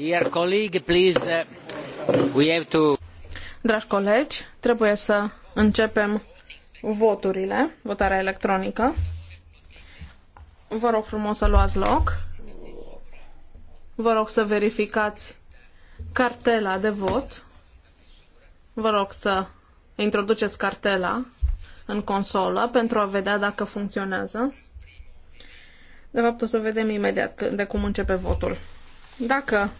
Uh, Dragi colegi, trebuie să începem voturile, votarea electronică. Vă rog frumos să luați loc. Vă rog să verificați cartela de vot. Vă rog să introduceți cartela în consolă pentru a vedea dacă funcționează. De fapt, o să vedem imediat de cum începe votul. Dacă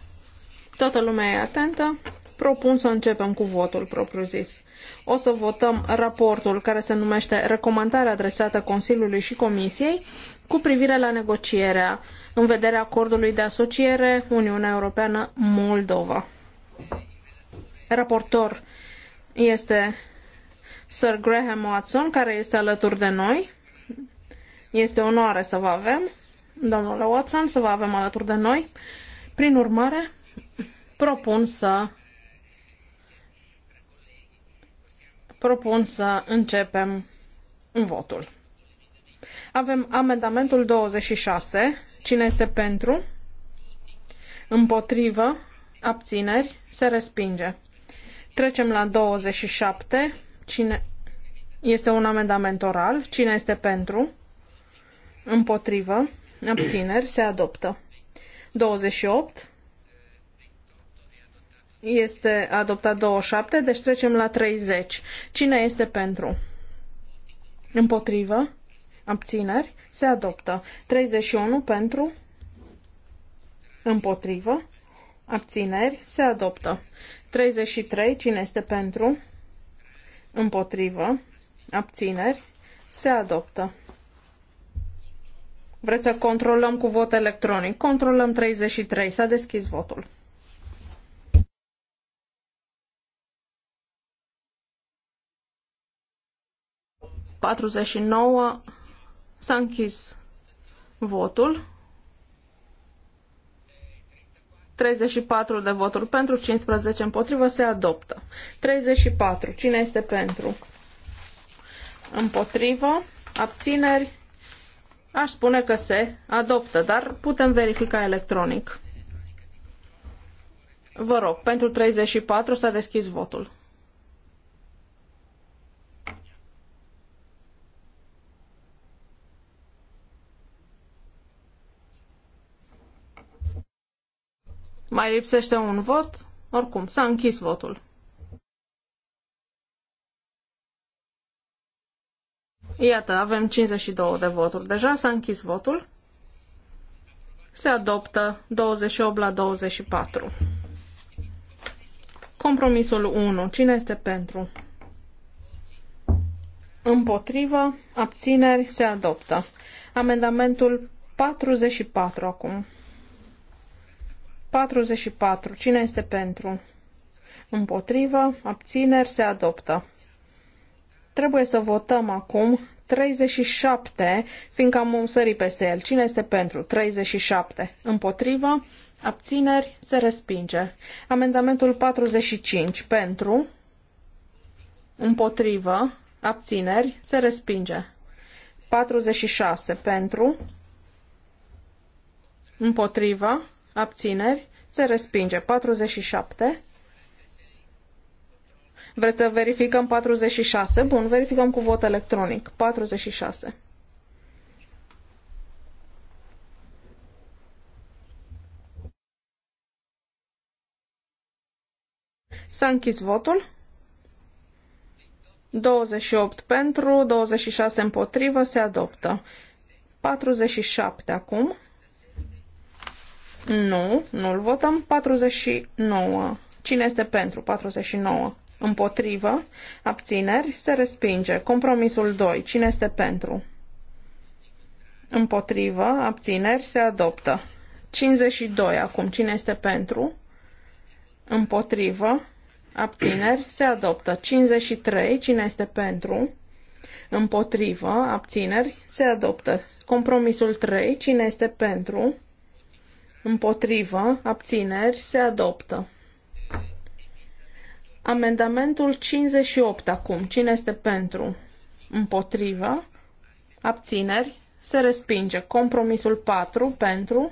Toată lumea e atentă. Propun să începem cu votul propriu-zis. O să votăm raportul care se numește Recomandarea adresată Consiliului și Comisiei cu privire la negocierea în vederea acordului de asociere Uniunea Europeană-Moldova. Raportor este Sir Graham Watson, care este alături de noi. Este onoare să vă avem, domnule Watson, să vă avem alături de noi. Prin urmare, propun să propun să începem votul. Avem amendamentul 26. Cine este pentru? Împotrivă? Abțineri? Se respinge. Trecem la 27. Cine este un amendament oral. Cine este pentru? Împotrivă? Abțineri? Se adoptă. 28 este adoptat 27, deci trecem la 30. Cine este pentru? Împotrivă? Abțineri? Se adoptă. 31 pentru? Împotrivă? Abțineri? Se adoptă. 33. Cine este pentru? Împotrivă? Abțineri? Se adoptă. Vreți să controlăm cu vot electronic? Controlăm 33. S-a deschis votul. 49 s-a închis votul. 34 de voturi pentru, 15 împotrivă, se adoptă. 34. Cine este pentru? Împotrivă, abțineri, aș spune că se adoptă, dar putem verifica electronic. Vă rog, pentru 34 s-a deschis votul. Mai lipsește un vot? Oricum, s-a închis votul. Iată, avem 52 de voturi. Deja s-a închis votul. Se adoptă 28 la 24. Compromisul 1. Cine este pentru? Împotrivă, abțineri, se adoptă. Amendamentul 44 acum. 44. Cine este pentru? Împotrivă, abțineri, se adoptă. Trebuie să votăm acum 37, fiindcă am sărit peste el. Cine este pentru? 37. Împotrivă, abțineri, se respinge. Amendamentul 45. Pentru, împotrivă, abțineri, se respinge. 46. Pentru, împotrivă, abțineri, se respinge. 47. Vreți să verificăm 46? Bun, verificăm cu vot electronic. 46. S-a închis votul. 28 pentru, 26 împotrivă, se adoptă. 47 acum. Nu, nu-l votăm. 49. Cine este pentru 49? Împotrivă. Abțineri. Se respinge. Compromisul 2. Cine este pentru? Împotrivă. Abțineri. Se adoptă. 52. Acum, cine este pentru? Împotrivă. Abțineri. Se adoptă. 53. Cine este pentru? Împotrivă. Abțineri. Se adoptă. Compromisul 3. Cine este pentru? împotrivă, abțineri, se adoptă. Amendamentul 58 acum. Cine este pentru? Împotrivă, abțineri, se respinge. Compromisul 4 pentru,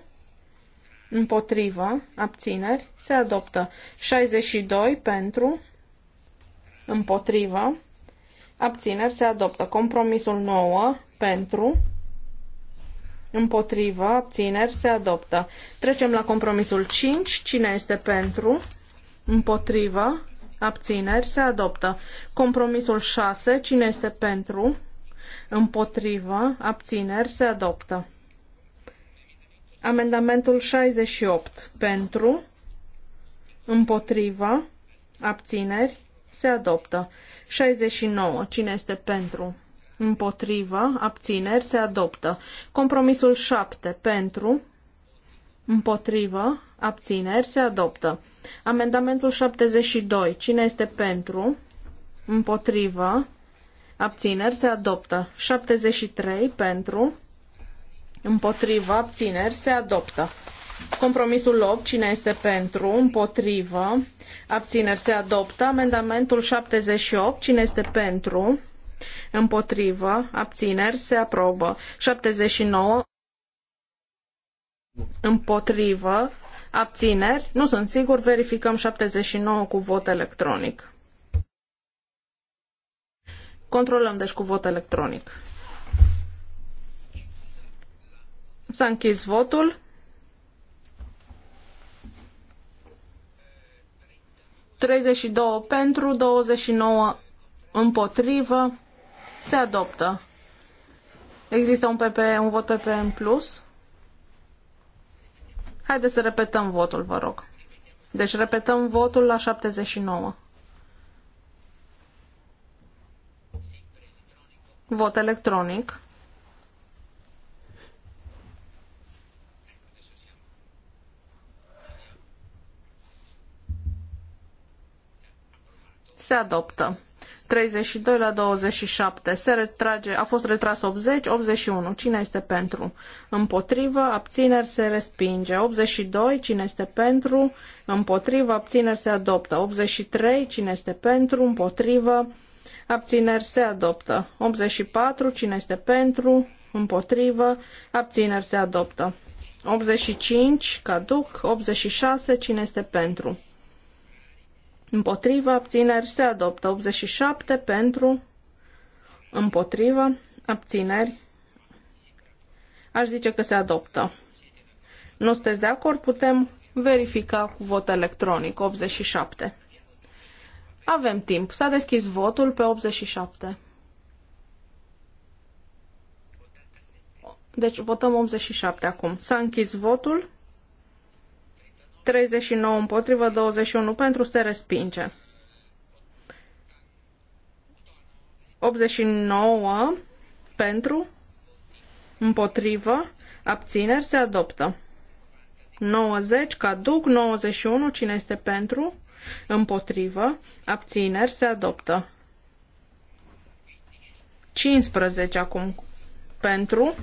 împotrivă, abțineri, se adoptă. 62 pentru, împotrivă, abțineri, se adoptă. Compromisul 9 pentru, Împotrivă, abțineri, se adoptă. Trecem la compromisul 5. Cine este pentru? Împotrivă, abțineri, se adoptă. Compromisul 6. Cine este pentru? Împotrivă, abțineri, se adoptă. Amendamentul 68. Pentru? Împotrivă, abțineri, se adoptă. 69. Cine este pentru? împotrivă, abțineri, se adoptă. Compromisul 7 pentru, împotrivă, abțineri, se adoptă. Amendamentul 72, cine este pentru, împotrivă, abțineri, se adoptă. 73 pentru, împotrivă, abțineri, se adoptă. Compromisul 8, cine este pentru, împotrivă, abțineri se adoptă. Amendamentul 78, cine este pentru, împotrivă, abțineri, se aprobă. 79 împotrivă, abțineri, nu sunt sigur, verificăm 79 cu vot electronic. Controlăm deci cu vot electronic. S-a închis votul. 32 pentru, 29 împotrivă. Se adoptă. Există un, PP, un vot PP în plus? Haideți să repetăm votul, vă rog. Deci repetăm votul la 79. Vot electronic. Se adoptă. 32 la 27. Se retrage, a fost retras 80, 81. Cine este pentru? Împotrivă, abțineri se respinge. 82, cine este pentru? Împotrivă, abțineri se adoptă. 83, cine este pentru? Împotrivă, abțineri se adoptă. 84, cine este pentru? Împotrivă, abțineri se adoptă. 85, caduc. 86, cine este pentru? împotriva, abțineri, se adoptă. 87 pentru, împotriva, abțineri, aș zice că se adoptă. Nu sunteți de acord? Putem verifica cu vot electronic. 87. Avem timp. S-a deschis votul pe 87. Deci votăm 87 acum. S-a închis votul. 39 împotrivă, 21 pentru, se respinge. 89 pentru, împotrivă, abțineri, se adoptă. 90 caduc, 91 cine este pentru, împotrivă, abțineri, se adoptă. 15 acum pentru,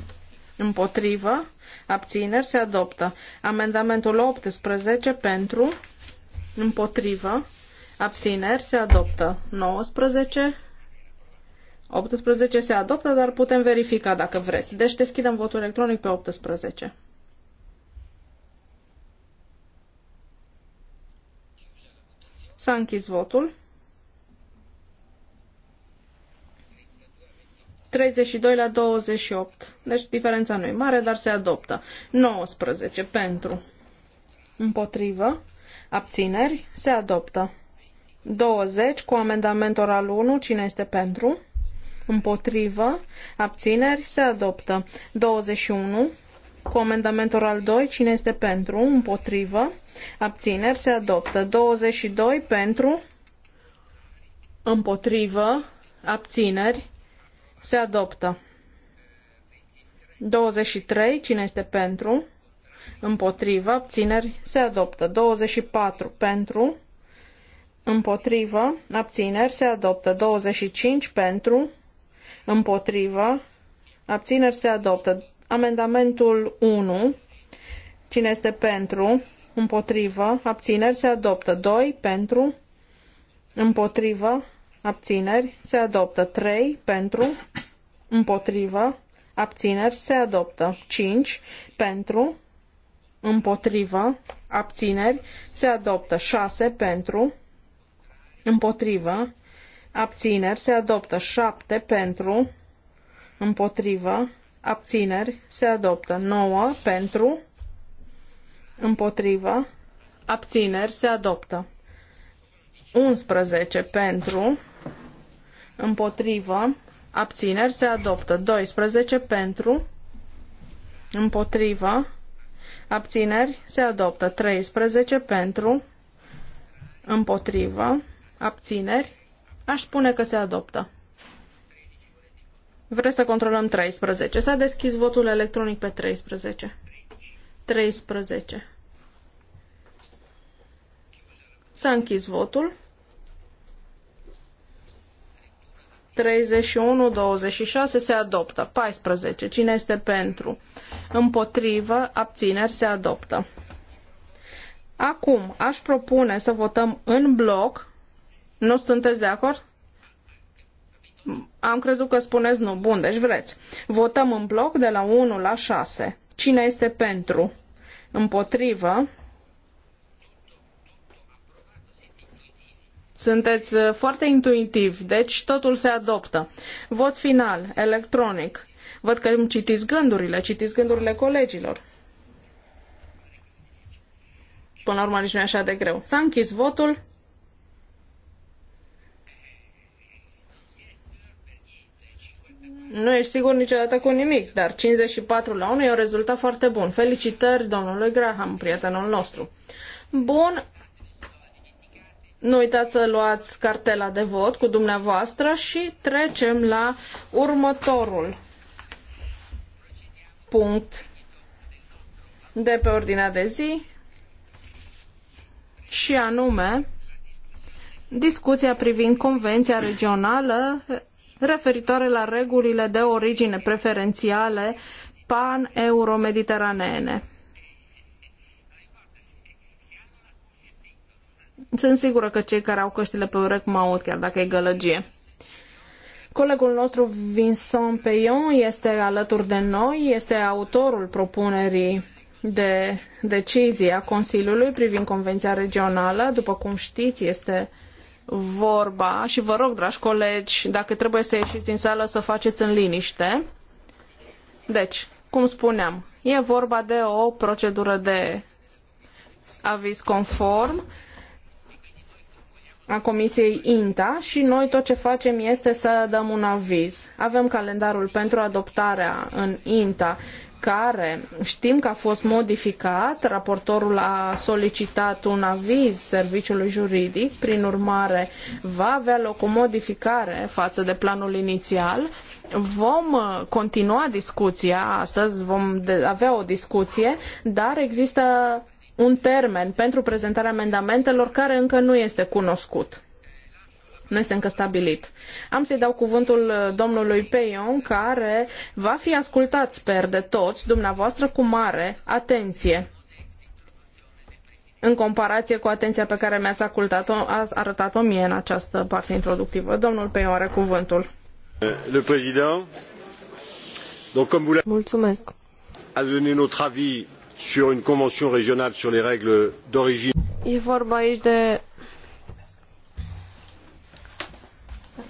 împotrivă, abțineri, se adoptă. Amendamentul 18 pentru, împotrivă, abțineri, se adoptă. 19, 18 se adoptă, dar putem verifica dacă vreți. Deci deschidem votul electronic pe 18. S-a închis votul. 32 la 28. Deci diferența nu e mare, dar se adoptă. 19 pentru. Împotrivă. Abțineri. Se adoptă. 20 cu amendament oral 1. Cine este pentru? Împotrivă. Abțineri. Se adoptă. 21 cu amendament oral 2. Cine este pentru? Împotrivă. Abțineri. Se adoptă. 22 pentru. Împotrivă. Abțineri se adoptă. 23. Cine este pentru? Împotrivă. Abțineri. Se adoptă. 24. Pentru. Împotrivă. Abțineri. Se adoptă. 25. Pentru. Împotrivă. Abțineri. Se adoptă. Amendamentul 1. Cine este pentru? Împotrivă. Abțineri. Se adoptă. 2. Pentru. Împotrivă abțineri, se adoptă. 3 pentru, împotrivă, abțineri, se adoptă. 5 pentru, împotrivă, abțineri, se adoptă. 6 pentru, împotrivă, abțineri, se adoptă. 7 pentru, împotrivă, abțineri, se adoptă. 9 pentru, împotrivă, abțineri, se adoptă. 11 pentru, împotrivă, abțineri, se adoptă. 12 pentru, împotrivă, abțineri, se adoptă. 13 pentru, împotrivă, abțineri, aș spune că se adoptă. Vreți să controlăm 13. S-a deschis votul electronic pe 13. 13. S-a închis votul. 31, 26 se adoptă. 14. Cine este pentru? Împotrivă, abțineri se adoptă. Acum, aș propune să votăm în bloc. Nu sunteți de acord? Am crezut că spuneți nu. Bun, deci vreți. Votăm în bloc de la 1 la 6. Cine este pentru? Împotrivă, Sunteți uh, foarte intuitiv, deci totul se adoptă. Vot final, electronic. Văd că îmi citiți gândurile, citiți gândurile colegilor. Până la urmă nici nu e așa de greu. S-a închis votul. Nu ești sigur niciodată cu nimic, dar 54 la 1 e un rezultat foarte bun. Felicitări domnului Graham, prietenul nostru. Bun, nu uitați să luați cartela de vot cu dumneavoastră și trecem la următorul punct de pe ordinea de zi și anume discuția privind Convenția Regională referitoare la regulile de origine preferențiale pan-euro-mediteraneene. Sunt sigură că cei care au căștile pe urechi mă aud, chiar dacă e gălăgie. Colegul nostru Vincent Peion este alături de noi, este autorul propunerii de decizie a Consiliului privind Convenția Regională. După cum știți, este vorba și vă rog, dragi colegi, dacă trebuie să ieșiți din sală, să faceți în liniște. Deci, cum spuneam, e vorba de o procedură de aviz conform a Comisiei INTA și noi tot ce facem este să dăm un aviz. Avem calendarul pentru adoptarea în INTA care știm că a fost modificat, raportorul a solicitat un aviz serviciului juridic, prin urmare va avea loc o modificare față de planul inițial. Vom uh, continua discuția, astăzi vom avea o discuție, dar există un termen pentru prezentarea amendamentelor care încă nu este cunoscut. Nu este încă stabilit. Am să-i dau cuvântul uh, domnului Peion, care va fi ascultat, sper, de toți dumneavoastră cu mare atenție în comparație cu atenția pe care mi-ați ascultat-o, ați arătat-o mie în această parte introductivă. Domnul Peion are cuvântul. Euh, le président, donc comme vous Mulțumesc. a donné notre avis sur une convention régionale sur les règles d'origine. E vorba aici de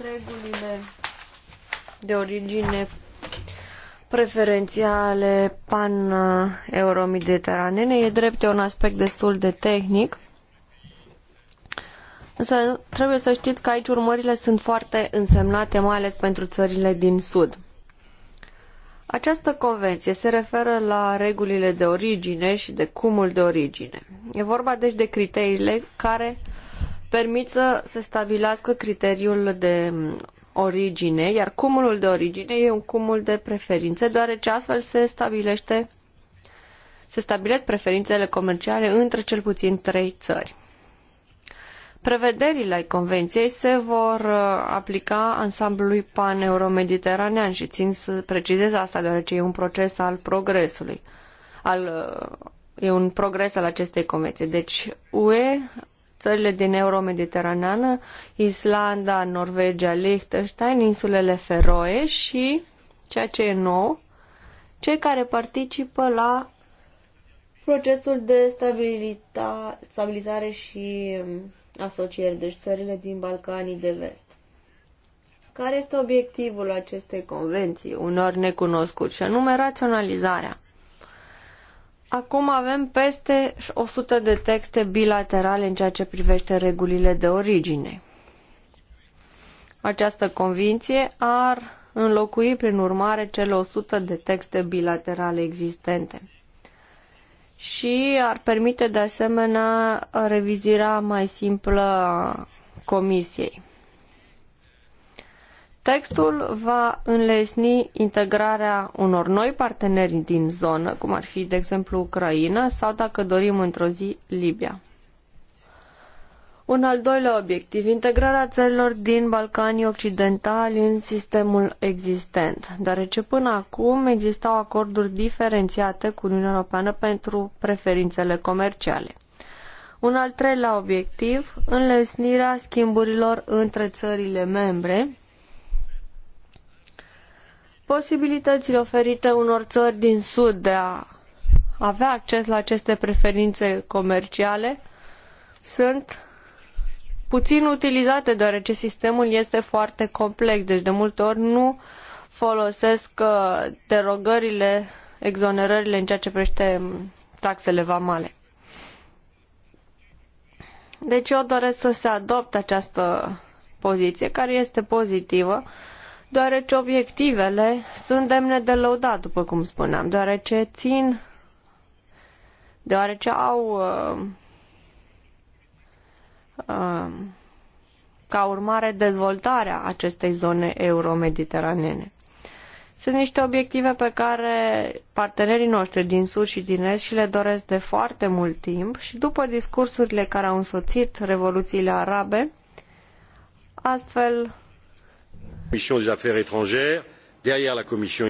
regulile de origine preferențiale pan-euromediteranene. E drept, e un aspect destul de tehnic. Însă trebuie să știți că aici urmările sunt foarte însemnate, mai ales pentru țările din Sud. Această convenție se referă la regulile de origine și de cumul de origine. E vorba deci de criteriile care permit să se stabilească criteriul de origine, iar cumulul de origine e un cumul de preferințe, deoarece astfel se stabilește se stabilesc preferințele comerciale între cel puțin trei țări. Prevederile Convenției se vor uh, aplica ansamblului pan-euromediteranean și țin să precizez asta deoarece e un proces al progresului. Al, uh, e un progres al acestei convenții. Deci UE, țările din euromediteraneană, Islanda, Norvegia, Liechtenstein, insulele Feroe și, ceea ce e nou, cei care participă la procesul de stabilita, stabilizare și um, asocieri, deci țările din Balcanii de Vest. Care este obiectivul acestei convenții, unor necunoscuți, și anume raționalizarea? Acum avem peste 100 de texte bilaterale în ceea ce privește regulile de origine. Această convinție ar înlocui prin urmare cele 100 de texte bilaterale existente și ar permite de asemenea revizuirea mai simplă a comisiei. Textul va înlesni integrarea unor noi parteneri din zonă, cum ar fi, de exemplu, Ucraina sau, dacă dorim, într-o zi, Libia. Un al doilea obiectiv, integrarea țărilor din Balcanii Occidentali în sistemul existent, deoarece până acum existau acorduri diferențiate cu Uniunea Europeană pentru preferințele comerciale. Un al treilea obiectiv, înlesnirea schimburilor între țările membre, posibilitățile oferite unor țări din Sud de a avea acces la aceste preferințe comerciale sunt puțin utilizate, deoarece sistemul este foarte complex, deci de multe ori nu folosesc uh, derogările, exonerările în ceea ce privește um, taxele vamale. Deci eu doresc să se adopte această poziție, care este pozitivă, deoarece obiectivele sunt demne de lăudat, după cum spuneam, deoarece țin, deoarece au uh, Uh, ca urmare dezvoltarea acestei zone euro-mediteranene. Sunt niște obiective pe care partenerii noștri din Sud și din Est și le doresc de foarte mult timp și după discursurile care au însoțit revoluțiile arabe, astfel... Comisión des Affaires étrangères, derrière la Commission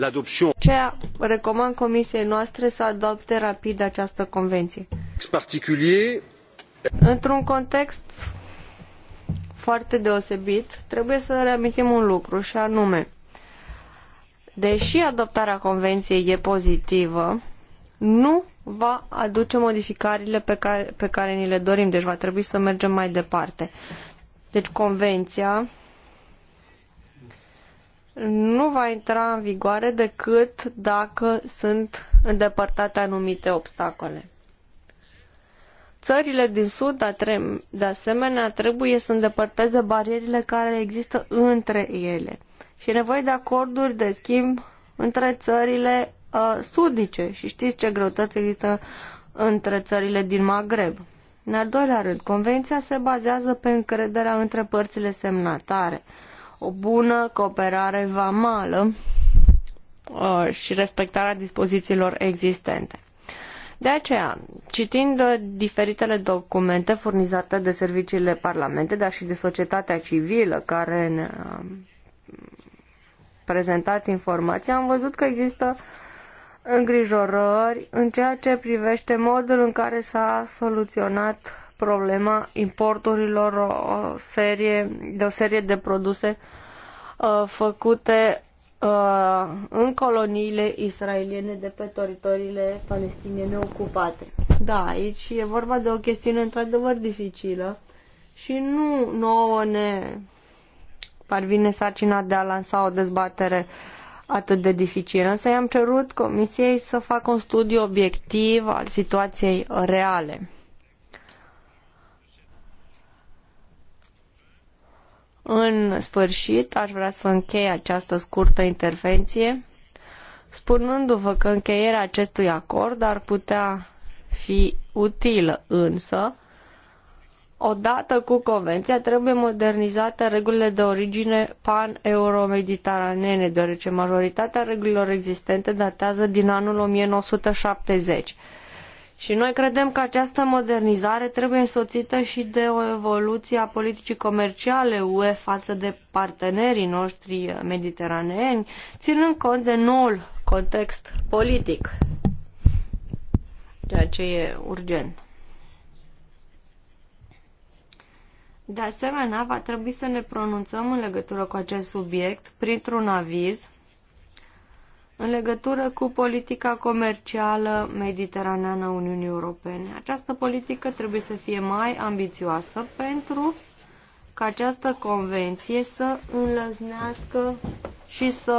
l'adoption. Ceea recomand Comisiei noastre să adopte rapid această convenție. Particulier Într-un context foarte deosebit, trebuie să reamintim un lucru și anume, deși adoptarea convenției e pozitivă, nu va aduce modificările pe care, pe care ni le dorim, deci va trebui să mergem mai departe. Deci convenția nu va intra în vigoare decât dacă sunt îndepărtate anumite obstacole. Țările din Sud, de asemenea, trebuie să îndepărteze barierile care există între ele și e nevoie de acorduri de schimb între țările uh, sudice și știți ce greutăți există între țările din Maghreb. În al doilea rând, convenția se bazează pe încrederea între părțile semnatare, o bună cooperare vamală uh, și respectarea dispozițiilor existente. De aceea, citind uh, diferitele documente furnizate de serviciile parlamente, dar și de societatea civilă care ne-a um, prezentat informații, am văzut că există îngrijorări în ceea ce privește modul în care s-a soluționat problema importurilor o serie, de o serie de produse uh, făcute în coloniile israeliene de pe teritoriile palestiniene ocupate. Da, aici e vorba de o chestiune într-adevăr dificilă și nu nouă ne parvine sarcina de a lansa o dezbatere atât de dificilă. Însă i-am cerut comisiei să facă un studiu obiectiv al situației reale. În sfârșit, aș vrea să închei această scurtă intervenție spunându-vă că încheierea acestui acord ar putea fi utilă, însă, odată cu convenția, trebuie modernizate regulile de origine pan-euromediteranene, deoarece majoritatea regulilor existente datează din anul 1970. Și noi credem că această modernizare trebuie însoțită și de o evoluție a politicii comerciale UE față de partenerii noștri mediteraneeni, ținând cont de noul context politic, ceea ce e urgent. De asemenea, va trebui să ne pronunțăm în legătură cu acest subiect printr-un aviz în legătură cu politica comercială mediteraneană a Uniunii Europene. Această politică trebuie să fie mai ambițioasă pentru ca această convenție să înlăznească și să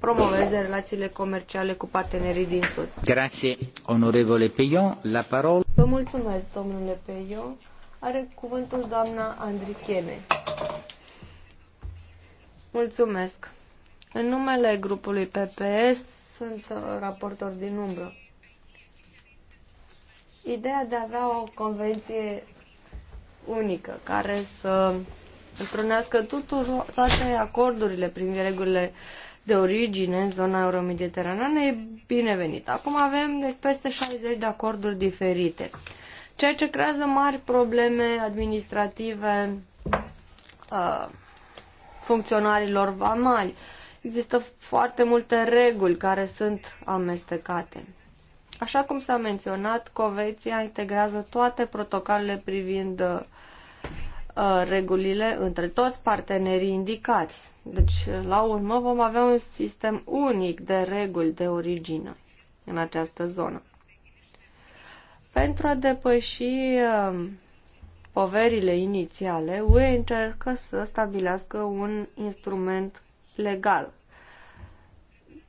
promoveze relațiile comerciale cu partenerii din Sud. Grazie, onorevole Peion. La parol. Vă mulțumesc, domnule Peion. Are cuvântul doamna Andrichene. Mulțumesc. În numele grupului PPS sunt uh, raportor din umbră. Ideea de a avea o convenție unică care să împrunească toate acordurile prin regulile de origine în zona euromediteraneană e binevenit. Acum avem deci, peste 60 de acorduri diferite, ceea ce creează mari probleme administrative uh, funcționarilor vamali. Uh, Există foarte multe reguli care sunt amestecate. Așa cum s-a menționat, convenția integrează toate protocolele privind uh, regulile între toți partenerii indicați. Deci, la urmă, vom avea un sistem unic de reguli de origine în această zonă. Pentru a depăși uh, poverile inițiale, UE încercă să stabilească un instrument legal.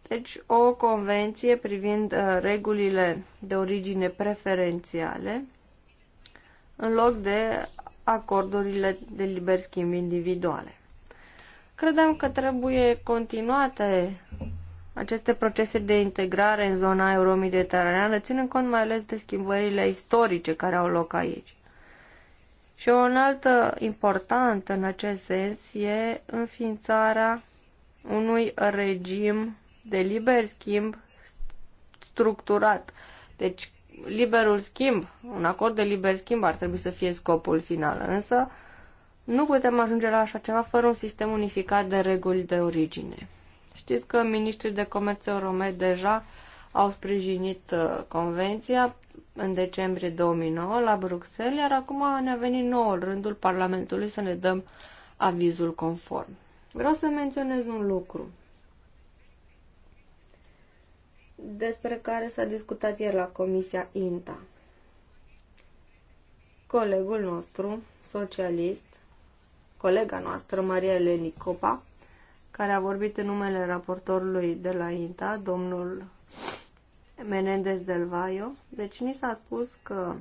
Deci, o convenție privind uh, regulile de origine preferențiale în loc de acordurile de liber schimb individuale. Credem că trebuie continuate aceste procese de integrare în zona euromediteraneană, ținând cont mai ales de schimbările istorice care au loc aici. Și o altă importantă în acest sens e înființarea unui regim de liber schimb structurat. Deci, liberul schimb, un acord de liber schimb ar trebui să fie scopul final, însă nu putem ajunge la așa ceva fără un sistem unificat de reguli de origine. Știți că ministrii de comerț romei deja au sprijinit uh, convenția în decembrie 2009 la Bruxelles, iar acum ne-a venit nouă rândul Parlamentului să ne dăm avizul conform. Vreau să menționez un lucru despre care s-a discutat ieri la Comisia INTA. Colegul nostru, socialist, colega noastră, Maria Eleni Copa, care a vorbit în numele raportorului de la INTA, domnul Menendez del Vaio. Deci ni s-a spus că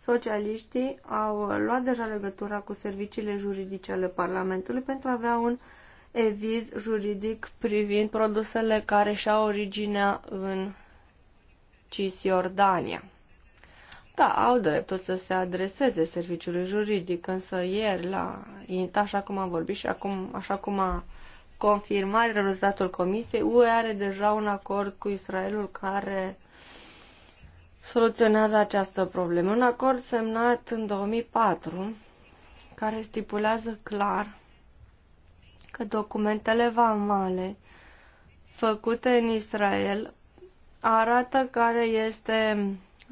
socialiștii au luat deja legătura cu serviciile juridice ale Parlamentului pentru a avea un eviz juridic privind produsele care și-au originea în Cisjordania. Da, au dreptul să se adreseze serviciului juridic, însă ieri la INTA, așa cum am vorbit și acum, așa cum a confirmat rezultatul comisiei, UE are deja un acord cu Israelul care soluționează această problemă. Un acord semnat în 2004 care stipulează clar că documentele vamale făcute în Israel arată care este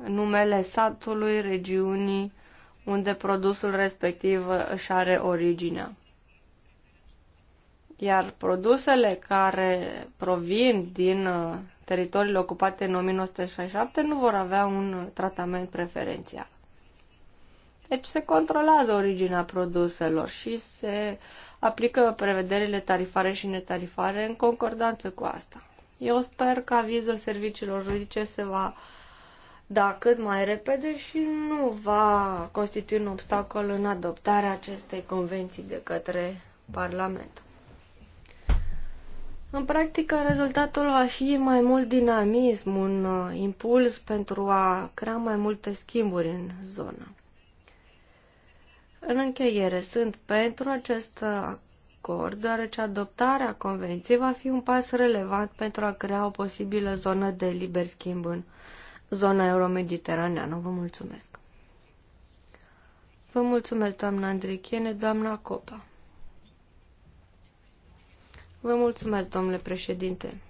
numele satului, regiunii unde produsul respectiv își are originea. Iar produsele care provin din uh, teritoriile ocupate în 1967 nu vor avea un tratament preferențial. Deci se controlează originea produselor și se aplică prevederile tarifare și netarifare în concordanță cu asta. Eu sper că avizul serviciilor juridice se va da cât mai repede și nu va constitui un obstacol în adoptarea acestei convenții de către Parlament. În practică, rezultatul va fi mai mult dinamism, un uh, impuls pentru a crea mai multe schimburi în zonă. În încheiere, sunt pentru acest uh, acord, deoarece adoptarea convenției va fi un pas relevant pentru a crea o posibilă zonă de liber schimb în zona euromediteraneană. Vă mulțumesc! Vă mulțumesc, doamna Andrichiene, doamna Copa. Vă mulțumesc, domnule președinte.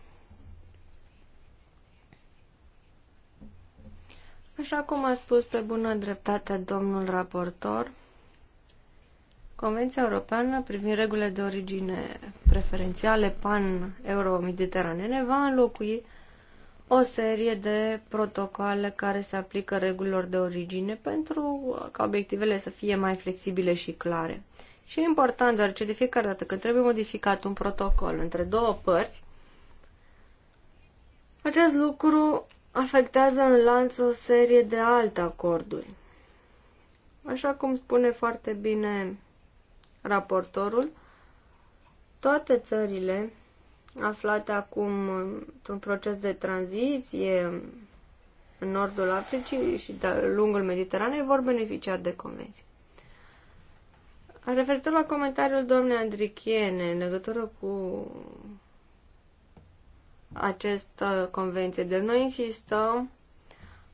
Așa cum a spus pe bună dreptate domnul raportor, Convenția Europeană privind regulile de origine preferențiale pan-euro-mediteranene va înlocui o serie de protocoale care se aplică regulilor de origine pentru ca obiectivele să fie mai flexibile și clare. Și e important, deoarece de fiecare dată când trebuie modificat un protocol între două părți, acest lucru afectează în lanț o serie de alte acorduri. Așa cum spune foarte bine raportorul, toate țările aflate acum într-un proces de tranziție în nordul Africii și de-a lungul Mediteranei vor beneficia de convenție. Referitor la comentariul domnului Andrichiene în legătură cu această convenție, de noi insistăm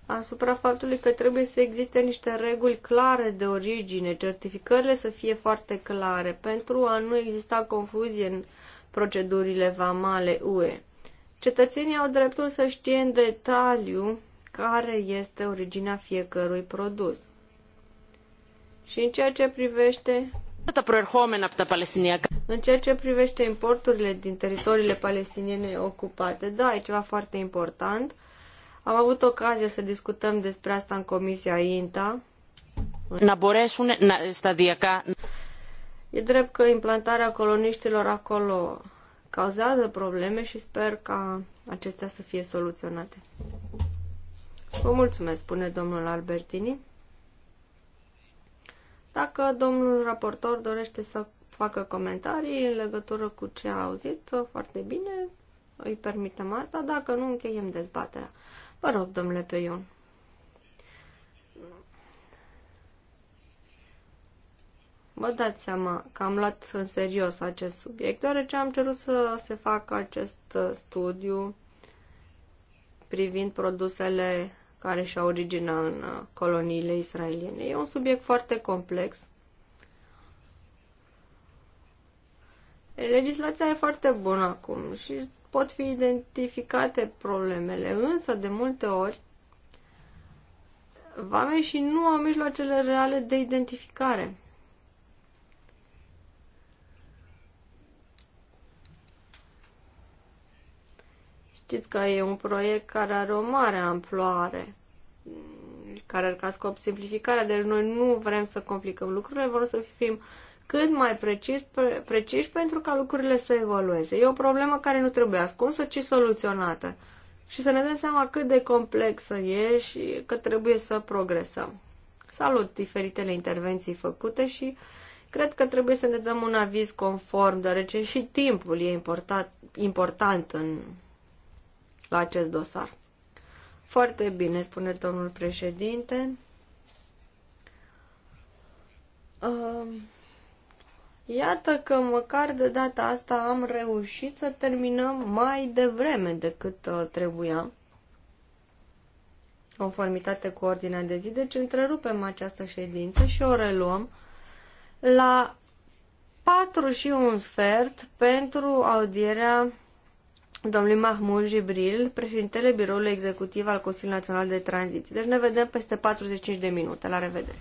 asupra faptului că trebuie să existe niște reguli clare de origine, certificările să fie foarte clare, pentru a nu exista confuzie în procedurile vamale UE. Cetățenii au dreptul să știe în detaliu care este originea fiecărui produs. Și în ceea ce privește în ceea ce privește importurile din teritoriile palestiniene ocupate, da, e ceva foarte important. Am avut ocazia să discutăm despre asta în Comisia INTA. E drept că implantarea coloniștilor acolo cauzează probleme și sper ca acestea să fie soluționate. Vă mulțumesc, spune domnul Albertini. Dacă domnul raportor dorește să facă comentarii în legătură cu ce a auzit, uh, foarte bine, îi permitem asta, dacă nu, încheiem dezbaterea. Vă rog, domnule Peion. Vă dați seama că am luat în serios acest subiect, deoarece am cerut să se facă acest uh, studiu privind produsele care și-a originea în uh, coloniile israeliene. E un subiect foarte complex. Legislația e foarte bună acum și pot fi identificate problemele, însă de multe ori vame și nu au mijloacele reale de identificare. Știți că e un proiect care are o mare amploare, care are ca scop simplificarea, deci noi nu vrem să complicăm lucrurile, vrem să fim cât mai precis, pre, preciși pentru ca lucrurile să evolueze. E o problemă care nu trebuie ascunsă, ci soluționată. Și să ne dăm seama cât de complexă e și că trebuie să progresăm. Salut diferitele intervenții făcute și cred că trebuie să ne dăm un aviz conform, deoarece și timpul e important, important în la acest dosar. Foarte bine, spune domnul președinte. Iată că măcar de data asta am reușit să terminăm mai devreme decât uh, trebuia, conformitate cu ordinea de zi, deci întrerupem această ședință și o reluăm la patru și un sfert pentru audierea domnului Mahmoud Jibril, președintele Biroului Executiv al Consiliului Național de Tranziție. Deci ne vedem peste 45 de minute. La revedere!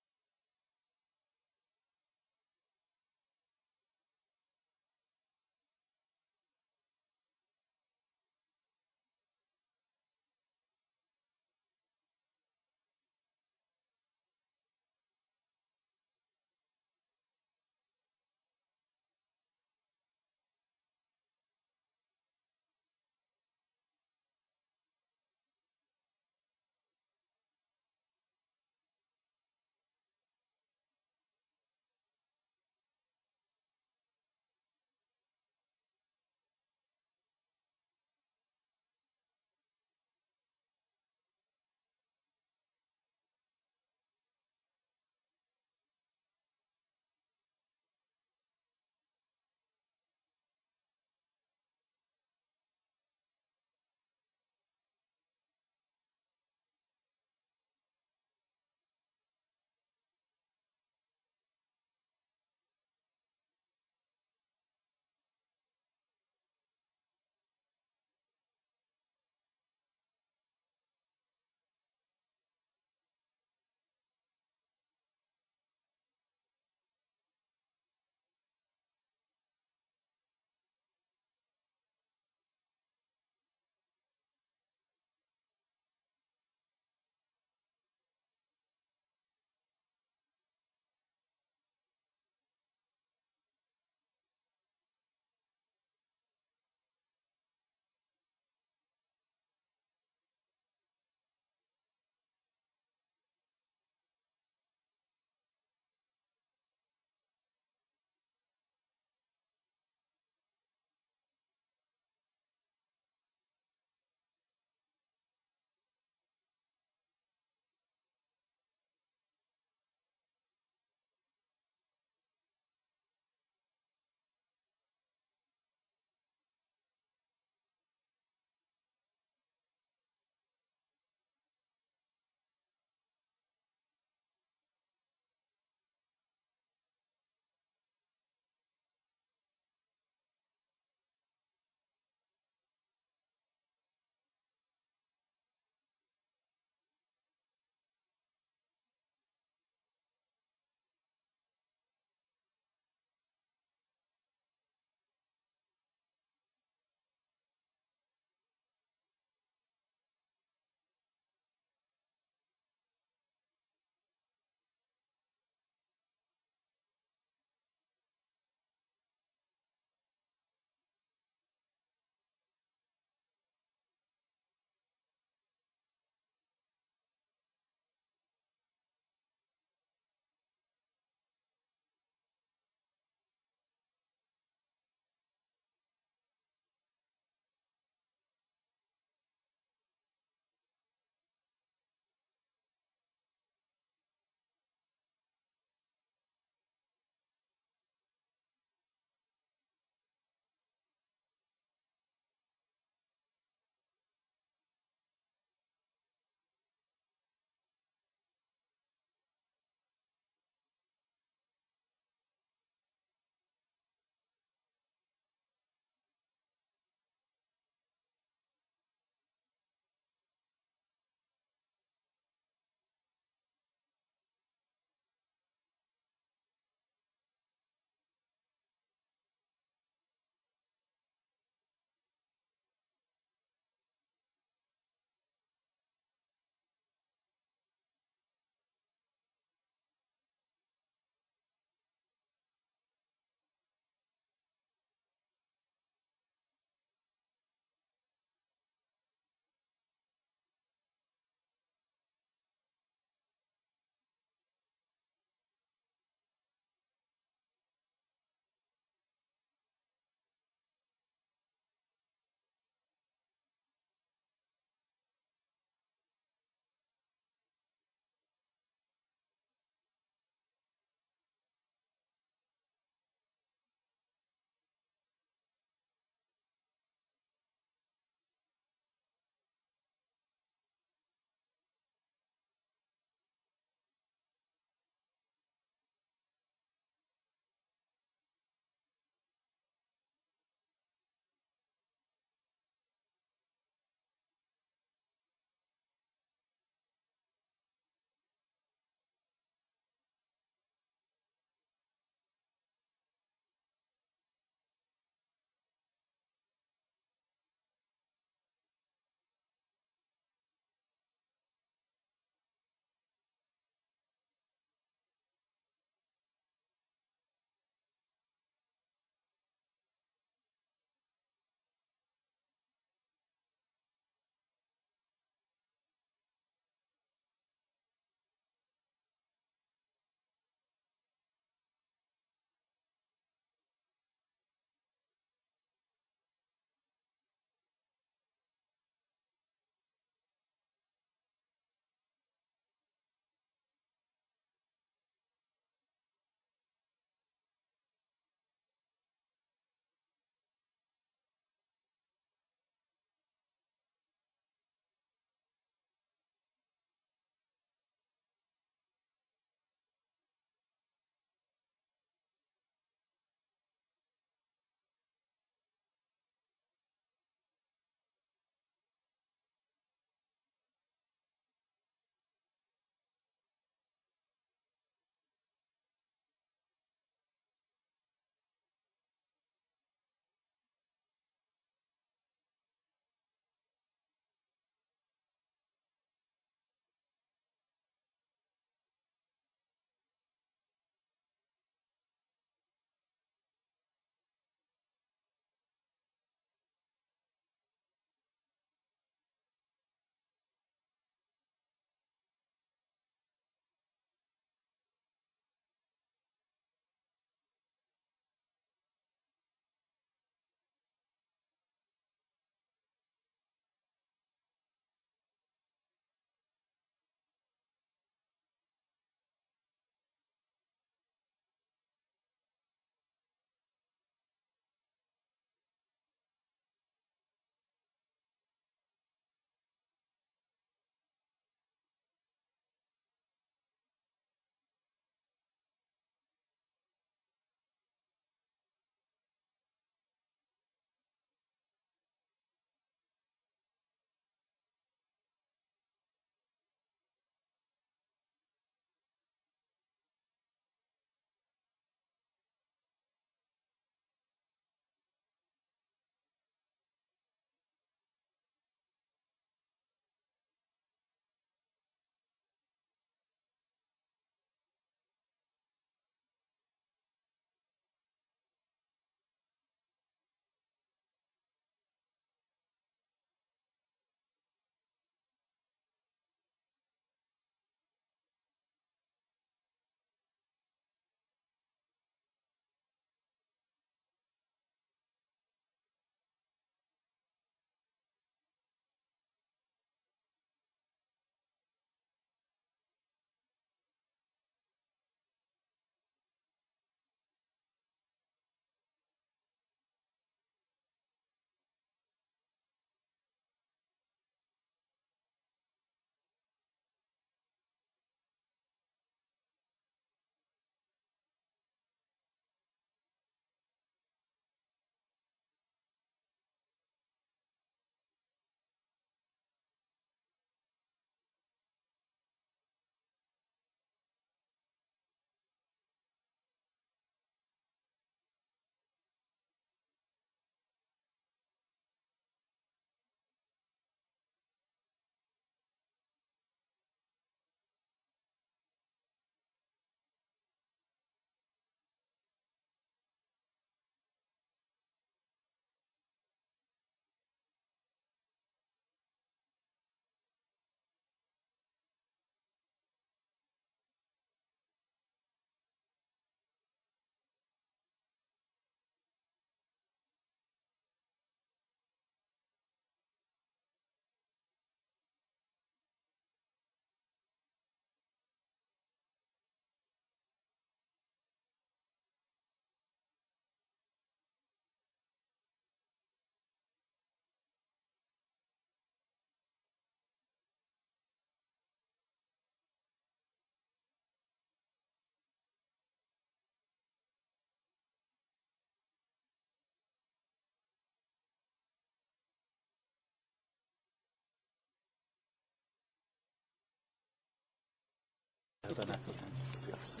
Grazie.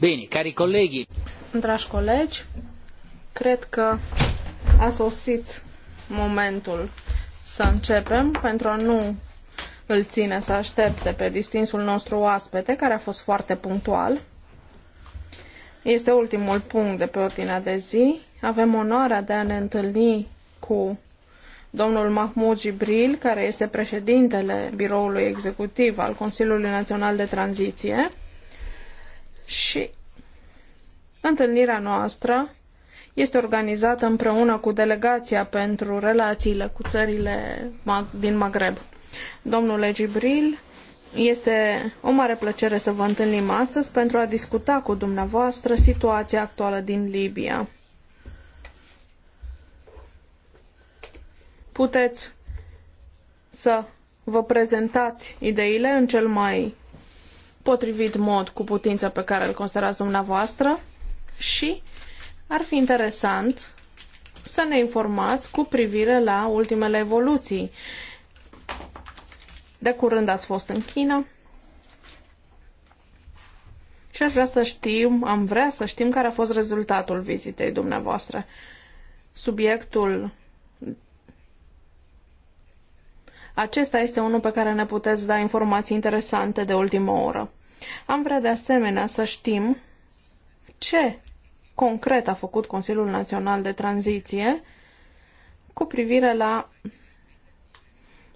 Bine, cari colegi. Dragi colegi, cred că a sosit momentul să începem pentru a nu îl ține să aștepte pe distinsul nostru oaspete, care a fost foarte punctual. Este ultimul punct de pe ordinea de zi. Avem onoarea de a ne întâlni cu domnul Mahmoud Jibril, care este președintele biroului executiv al Consiliului Național de Tranziție și întâlnirea noastră este organizată împreună cu delegația pentru relațiile cu țările din Maghreb. Domnule Gibril, este o mare plăcere să vă întâlnim astăzi pentru a discuta cu dumneavoastră situația actuală din Libia. Puteți să vă prezentați ideile în cel mai potrivit mod cu putința pe care îl considerați dumneavoastră și ar fi interesant să ne informați cu privire la ultimele evoluții. De curând ați fost în China și aș vrea să știm, am vrea să știm care a fost rezultatul vizitei dumneavoastră. Subiectul acesta este unul pe care ne puteți da informații interesante de ultimă oră. Am vrea de asemenea să știm ce concret a făcut Consiliul Național de Tranziție cu privire la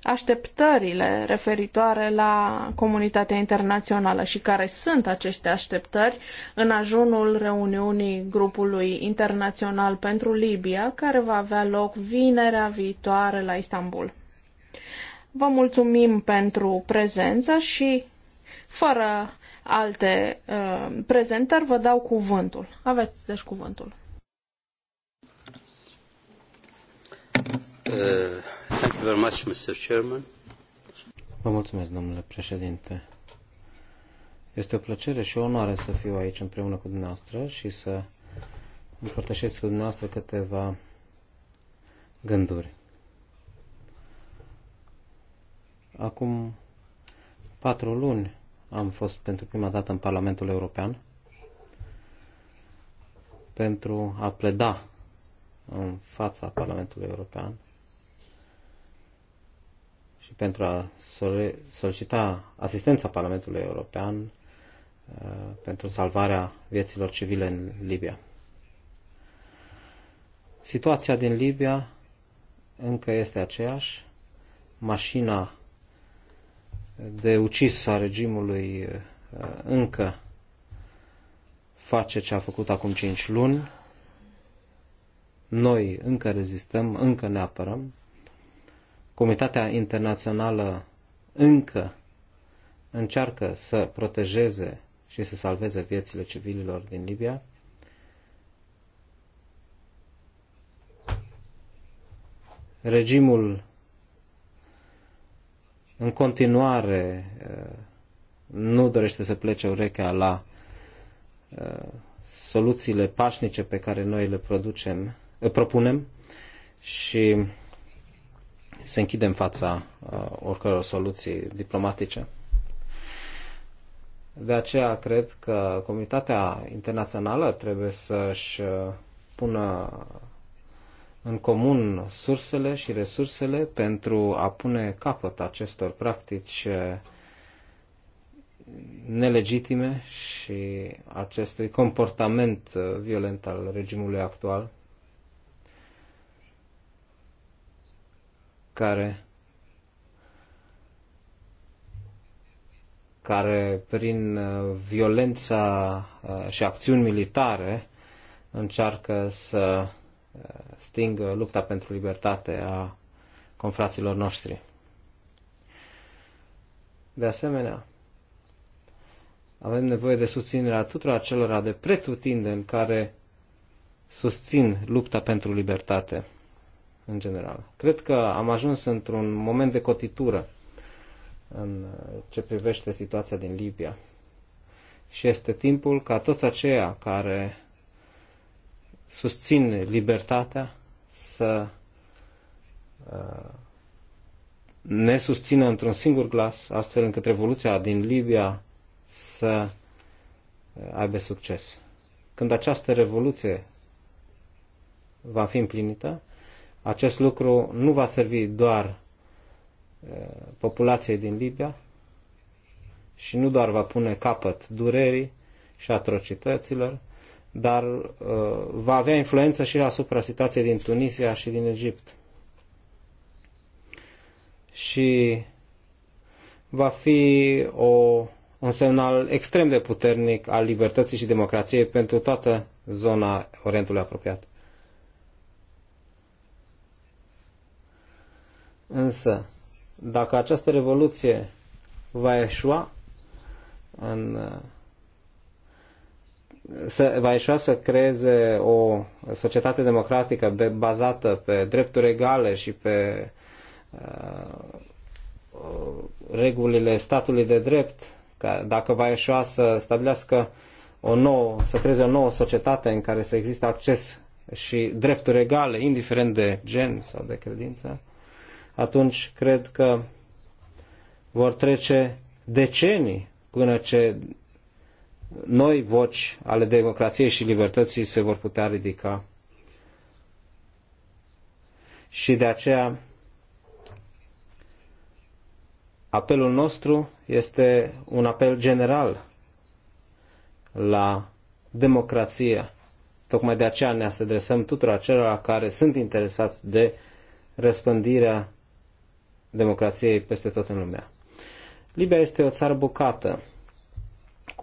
așteptările referitoare la comunitatea internațională și care sunt aceste așteptări în ajunul reuniunii grupului internațional pentru Libia, care va avea loc vinerea viitoare la Istanbul. Vă mulțumim pentru prezență și fără alte uh, prezentări, vă dau cuvântul. Aveți, deci, cuvântul. Uh, thank you very much, Mr. Chairman. Vă mulțumesc, domnule președinte. Este o plăcere și o onoare să fiu aici împreună cu dumneavoastră și să împărtășesc cu dumneavoastră câteva gânduri. Acum patru luni am fost pentru prima dată în Parlamentul European pentru a pleda în fața Parlamentului European și pentru a solicita asistența Parlamentului European uh, pentru salvarea vieților civile în Libia. Situația din Libia încă este aceeași. Mașina de ucis a regimului uh, încă face ce a făcut acum 5 luni. Noi încă rezistăm, încă ne apărăm. Comunitatea internațională încă încearcă să protejeze și să salveze viețile civililor din Libia. Regimul în continuare uh, nu dorește să plece urechea la uh, soluțiile pașnice pe care noi le producem, uh, propunem și se închide în fața oricăror soluții diplomatice. De aceea cred că comunitatea internațională trebuie să-și pună în comun sursele și resursele pentru a pune capăt acestor practici eh, nelegitime și acestui comportament eh, violent al regimului actual, care, care prin eh, violența și acțiuni militare încearcă să sting lupta pentru libertate a confraților noștri. De asemenea, avem nevoie de susținerea tuturor acelora de pretutindeni care susțin lupta pentru libertate în general. Cred că am ajuns într-un moment de cotitură în ce privește situația din Libia. Și este timpul ca toți aceia care susțin libertatea să uh, ne susțină într-un singur glas, astfel încât revoluția din Libia să uh, aibă succes. Când această revoluție va fi împlinită, acest lucru nu va servi doar uh, populației din Libia și nu doar va pune capăt durerii și atrocităților, dar uh, va avea influență și asupra situației din Tunisia și din Egipt. Și va fi o, un semnal extrem de puternic al libertății și democrației pentru toată zona Orientului apropiat. Însă, dacă această revoluție va eșua în uh, să, va ieșa să creeze o societate democratică bazată pe drepturi egale și pe uh, regulile statului de drept, că dacă va ieșa să stabilească o nouă, să creeze o nouă societate în care să existe acces și drepturi egale, indiferent de gen sau de credință, atunci cred că vor trece decenii până ce noi voci ale democrației și libertății se vor putea ridica. Și de aceea apelul nostru este un apel general la democrație. Tocmai de aceea ne adresăm tuturor celor care sunt interesați de răspândirea democrației peste tot în lumea. Libia este o țară bucată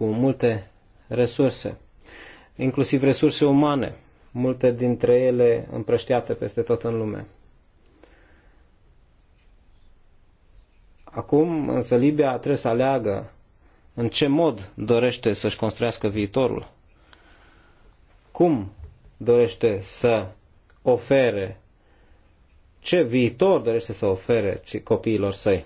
cu multe resurse, inclusiv resurse umane, multe dintre ele împrăștiate peste tot în lume. Acum, însă, Libia trebuie să aleagă în ce mod dorește să-și construiască viitorul, cum dorește să ofere, ce viitor dorește să ofere copiilor săi.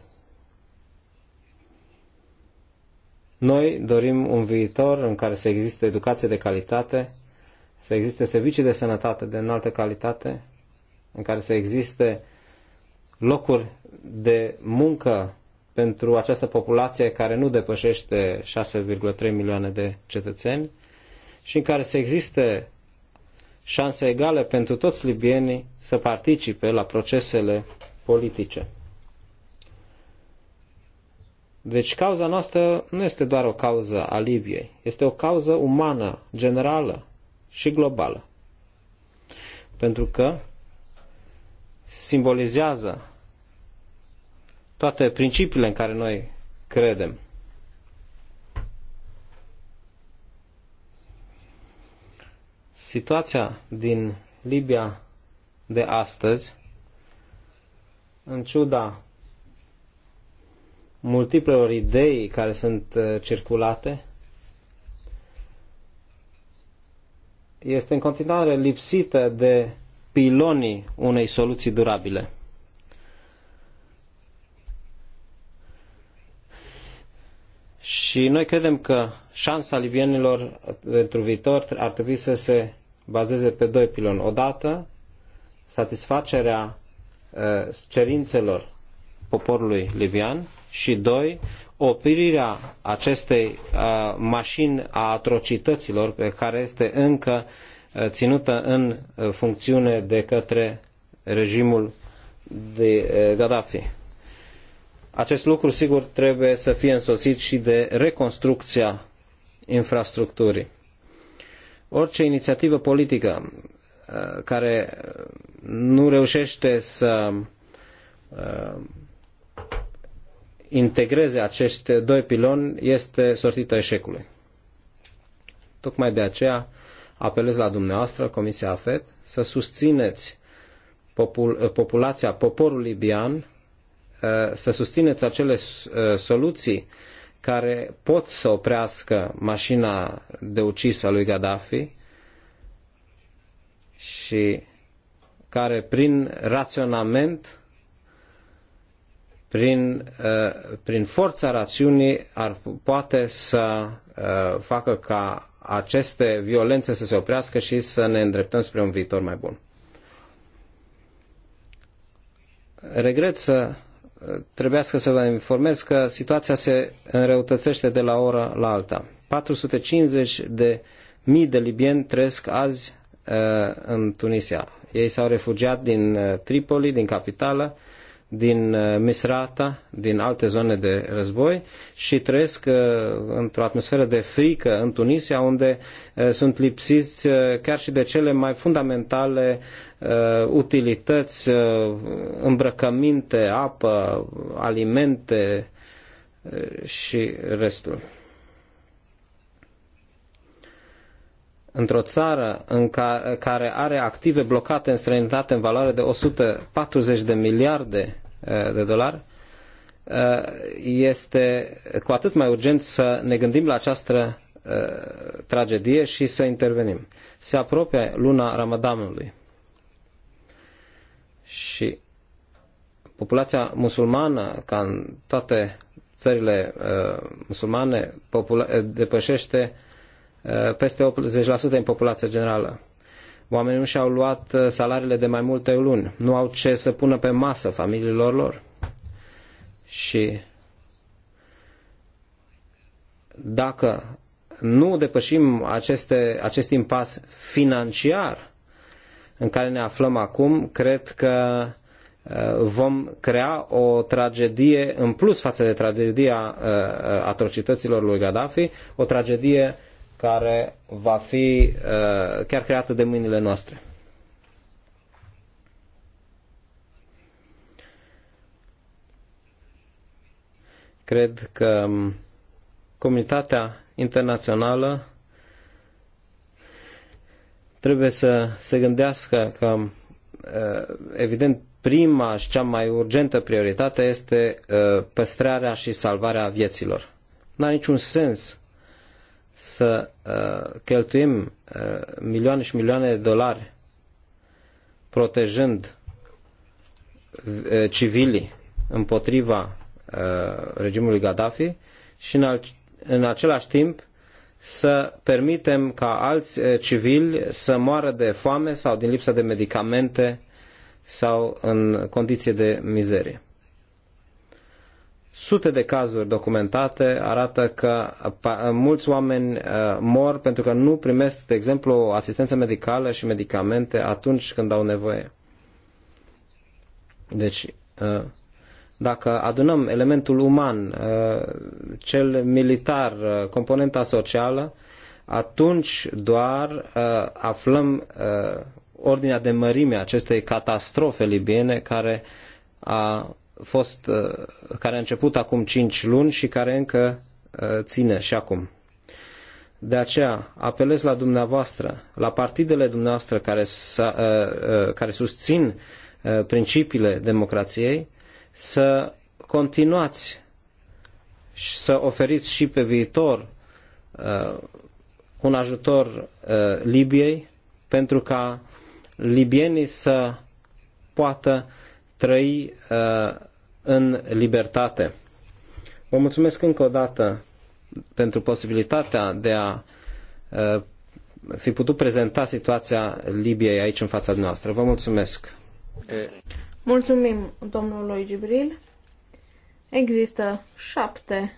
Noi dorim un viitor în care să existe educație de calitate, să existe servicii de sănătate de înaltă calitate, în care să existe locuri de muncă pentru această populație care nu depășește 6,3 milioane de cetățeni și în care să existe șanse egale pentru toți libienii să participe la procesele politice. Deci cauza noastră nu este doar o cauză a Libiei, este o cauză umană, generală și globală. Pentru că simbolizează toate principiile în care noi credem. Situația din Libia de astăzi, în ciuda multiplelor idei care sunt uh, circulate, este în continuare lipsită de pilonii unei soluții durabile. Și noi credem că șansa libienilor uh, pentru viitor ar trebui să se bazeze pe doi piloni. Odată, satisfacerea uh, cerințelor poporului libian și doi, oprirea acestei uh, mașini a atrocităților pe care este încă uh, ținută în uh, funcțiune de către regimul de uh, Gaddafi. Acest lucru, sigur, trebuie să fie însoțit și de reconstrucția infrastructurii. Orice inițiativă politică care nu reușește să integreze acești doi piloni este sortită eșecului. Tocmai de aceea apelez la dumneavoastră, Comisia AFET, să susțineți popul, eh, populația, poporul libian, eh, să susțineți acele eh, soluții care pot să oprească mașina de ucis a lui Gaddafi și care prin raționament prin, uh, prin forța rațiunii ar poate să uh, facă ca aceste violențe să se oprească și să ne îndreptăm spre un viitor mai bun. Regret să uh, trebuiască să vă informez că situația se înrăutățește de la oră la alta. 450 de mii de libieni trăiesc azi în Tunisia. Ei s-au refugiat din Tripoli, din capitală, din uh, Misrata, din alte zone de război și trăiesc uh, într-o atmosferă de frică în Tunisia, unde uh, sunt lipsiți chiar și de cele mai fundamentale utilități, îmbrăcăminte, apă, alimente și restul. într-o țară în care, are active blocate în străinătate în valoare de 140 de miliarde Eh, de dolari, eh, este cu atât mai urgent să ne gândim la această eh, tragedie și să intervenim. Se apropie luna Ramadanului și populația musulmană, ca în toate țările musulmane, popula- depășește peste 80% din populația generală. Oamenii nu și-au luat uh, salariile de mai multe luni. Nu au ce să pună pe masă familiilor lor. Și dacă nu depășim aceste, acest impas financiar în care ne aflăm acum, cred că uh, vom crea o tragedie în plus față de tragedia uh, atrocităților lui Gaddafi, o tragedie care va fi uh, chiar creată de mâinile noastre. Cred că um, comunitatea internațională trebuie să se gândească că, um, uh, evident, prima și cea mai urgentă prioritate este uh, păstrarea și salvarea vieților. N-are niciun sens să uh, cheltuim uh, milioane și milioane de dolari protejând uh, civilii împotriva uh, regimului Gaddafi și în, al, în același timp să permitem ca alți uh, civili să moară de foame sau din lipsa de medicamente sau în condiții de mizerie. Sute de cazuri documentate arată că mulți oameni uh, mor pentru că nu primesc, de exemplu, asistență medicală și medicamente atunci când au nevoie. Deci, uh, dacă adunăm elementul uman, uh, cel militar, componenta socială, atunci doar aflăm ordinea de mărime a acestei catastrofe libiene care a fost, uh, care a început acum 5 luni și care încă uh, ține și acum. De aceea apelez la dumneavoastră, la partidele dumneavoastră care, uh, care susțin principiile democrației, să continuați și să oferiți și pe viitor un ajutor Libiei pentru ca libienii să poată trăi uh, în libertate. Vă mulțumesc încă o dată pentru posibilitatea de a uh, fi putut prezenta situația Libiei aici în fața noastră. Vă mulțumesc! Mulțumim domnului Gibril. Există șapte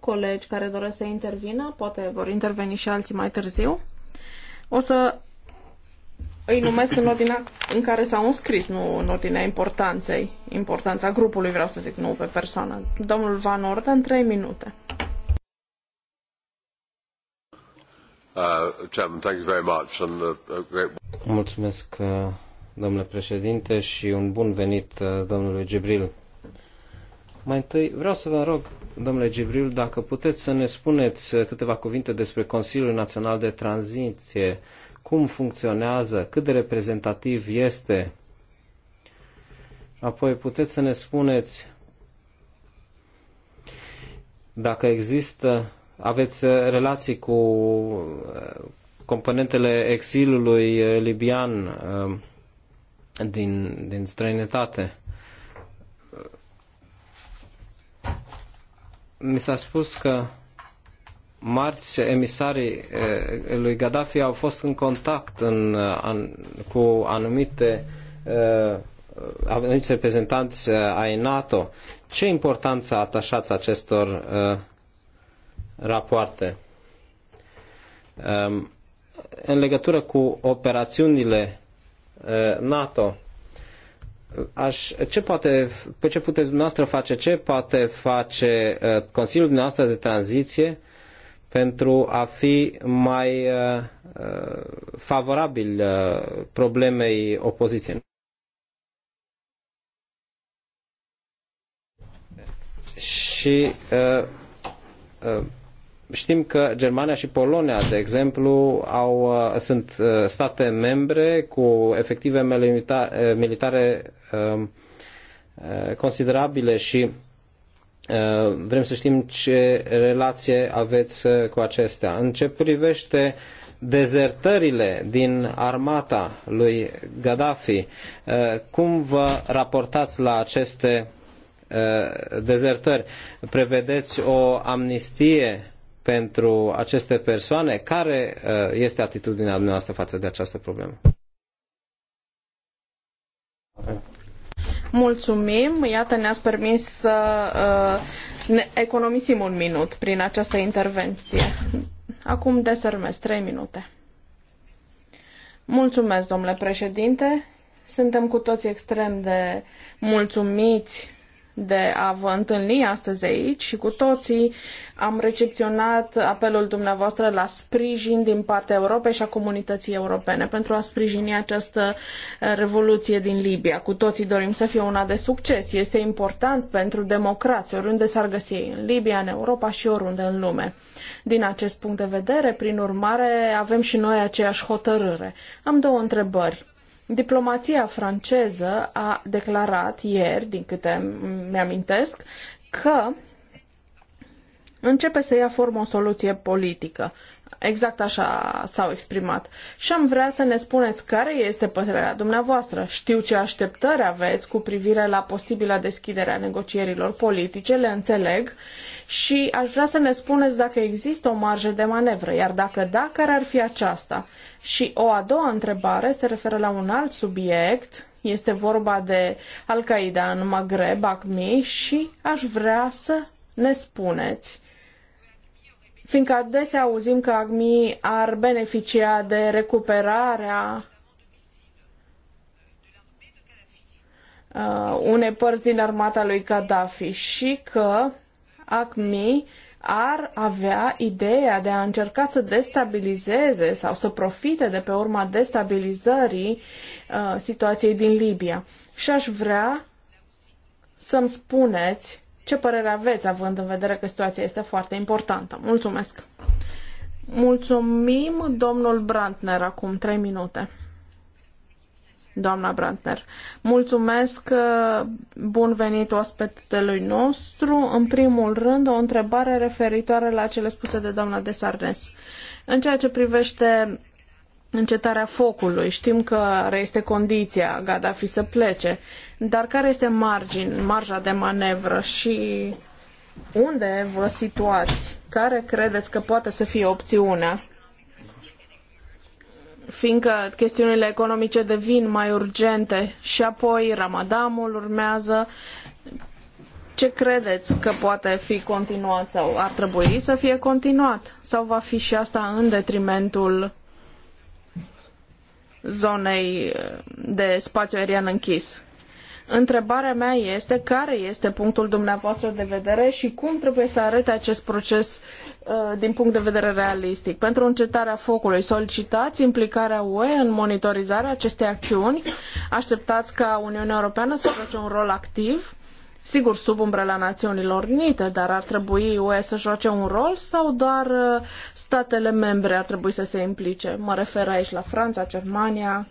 colegi care doresc să intervină, poate vor interveni și alții mai târziu. O să îi numesc în ordinea în care s-au înscris, nu în ordinea importanței, importanța grupului, vreau să zic, nu pe persoană. Domnul Van Orden, trei minute. Mulțumesc, domnule președinte, și un bun venit uh, domnului Gibril. Mai întâi, vreau să vă rog, domnule Gibril, dacă puteți să ne spuneți uh, câteva cuvinte despre Consiliul Național de Tranziție cum funcționează, cât de reprezentativ este. Apoi puteți să ne spuneți dacă există, aveți relații cu eh, componentele exilului eh, libian eh, din, din străinătate. Mi s-a spus că marți emisarii eh, lui Gaddafi au fost în contact în, eh, an, cu anumite eh, anumiți reprezentanți ai NATO. Ce importanță atașați acestor rapoarte? Ehm, în legătură cu operațiunile NATO, aș, ce, poate, ce puteți dumneavoastră face, ce poate face Consiliul dumneavoastră de Tranziție pentru a fi mai uh, uh, favorabil uh, problemei opoziției. Și știm că Germania și Polonia, de exemplu, au, sunt state membre cu efective militare um, considerabile și Uh, vrem să știm ce relație aveți uh, cu acestea. În ce privește dezertările din armata lui Gaddafi, uh, cum vă raportați la aceste dezertări? Prevedeți o amnistie pentru aceste persoane? Care este atitudinea dumneavoastră față de această problemă? Mulțumim, iată ne-ați permis să uh, ne economisim un minut prin această intervenție. Acum desermes, trei minute. Mulțumesc, domnule președinte. Suntem cu toți extrem de mulțumiți de a vă întâlni astăzi aici și cu toții am recepționat apelul dumneavoastră la sprijin din partea Europei și a comunității europene pentru a sprijini această uh, revoluție din Libia. Cu toții dorim să fie una de succes. Este important pentru democrați, oriunde s-ar găsi ei, în Libia, în Europa și oriunde în lume. Din acest punct de vedere, prin urmare, avem și noi aceeași hotărâre. Am două întrebări. Diplomația franceză a declarat ieri, din câte mi-amintesc, că începe să ia formă o soluție politică. Exact așa s-au exprimat. Și am vrea să ne spuneți care este părerea dumneavoastră. Știu ce așteptări aveți cu privire la posibila deschidere a negocierilor politice, le înțeleg și aș vrea să ne spuneți dacă există o marjă de manevră, iar dacă da, care ar fi aceasta? Și o a doua întrebare se referă la un alt subiect, este vorba de Al-Qaeda în Maghreb, ACMI, și aș vrea să ne spuneți fiindcă adesea auzim că ACMI ar beneficia de recuperarea uh, unei părți din armata lui Gaddafi și că ACMI ar avea ideea de a încerca să destabilizeze sau să profite de pe urma destabilizării uh, situației din Libia. Și aș vrea să-mi spuneți ce părere aveți, având în vedere că situația este foarte importantă. Mulțumesc! Mulțumim, domnul Brandner, acum trei minute doamna Brantner. Mulțumesc, uh, bun venit oaspetelui nostru. În primul rând, o întrebare referitoare la cele spuse de doamna Desarnes. În ceea ce privește încetarea focului, știm că este condiția Gaddafi să plece, dar care este margin, marja de manevră și unde vă situați? Care credeți că poate să fie opțiunea? fiindcă chestiunile economice devin mai urgente și apoi Ramadamul urmează. Ce credeți că poate fi continuat sau ar trebui să fie continuat? Sau va fi și asta în detrimentul zonei de spațiu aerian închis? Întrebarea mea este care este punctul dumneavoastră de vedere și cum trebuie să arate acest proces uh, din punct de vedere realistic. Pentru încetarea focului, solicitați implicarea UE în monitorizarea acestei acțiuni, așteptați ca Uniunea Europeană să joace un rol activ, sigur sub umbrela Națiunilor Unite, dar ar trebui UE să joace un rol sau doar uh, statele membre ar trebui să se implice? Mă refer aici la Franța, Germania,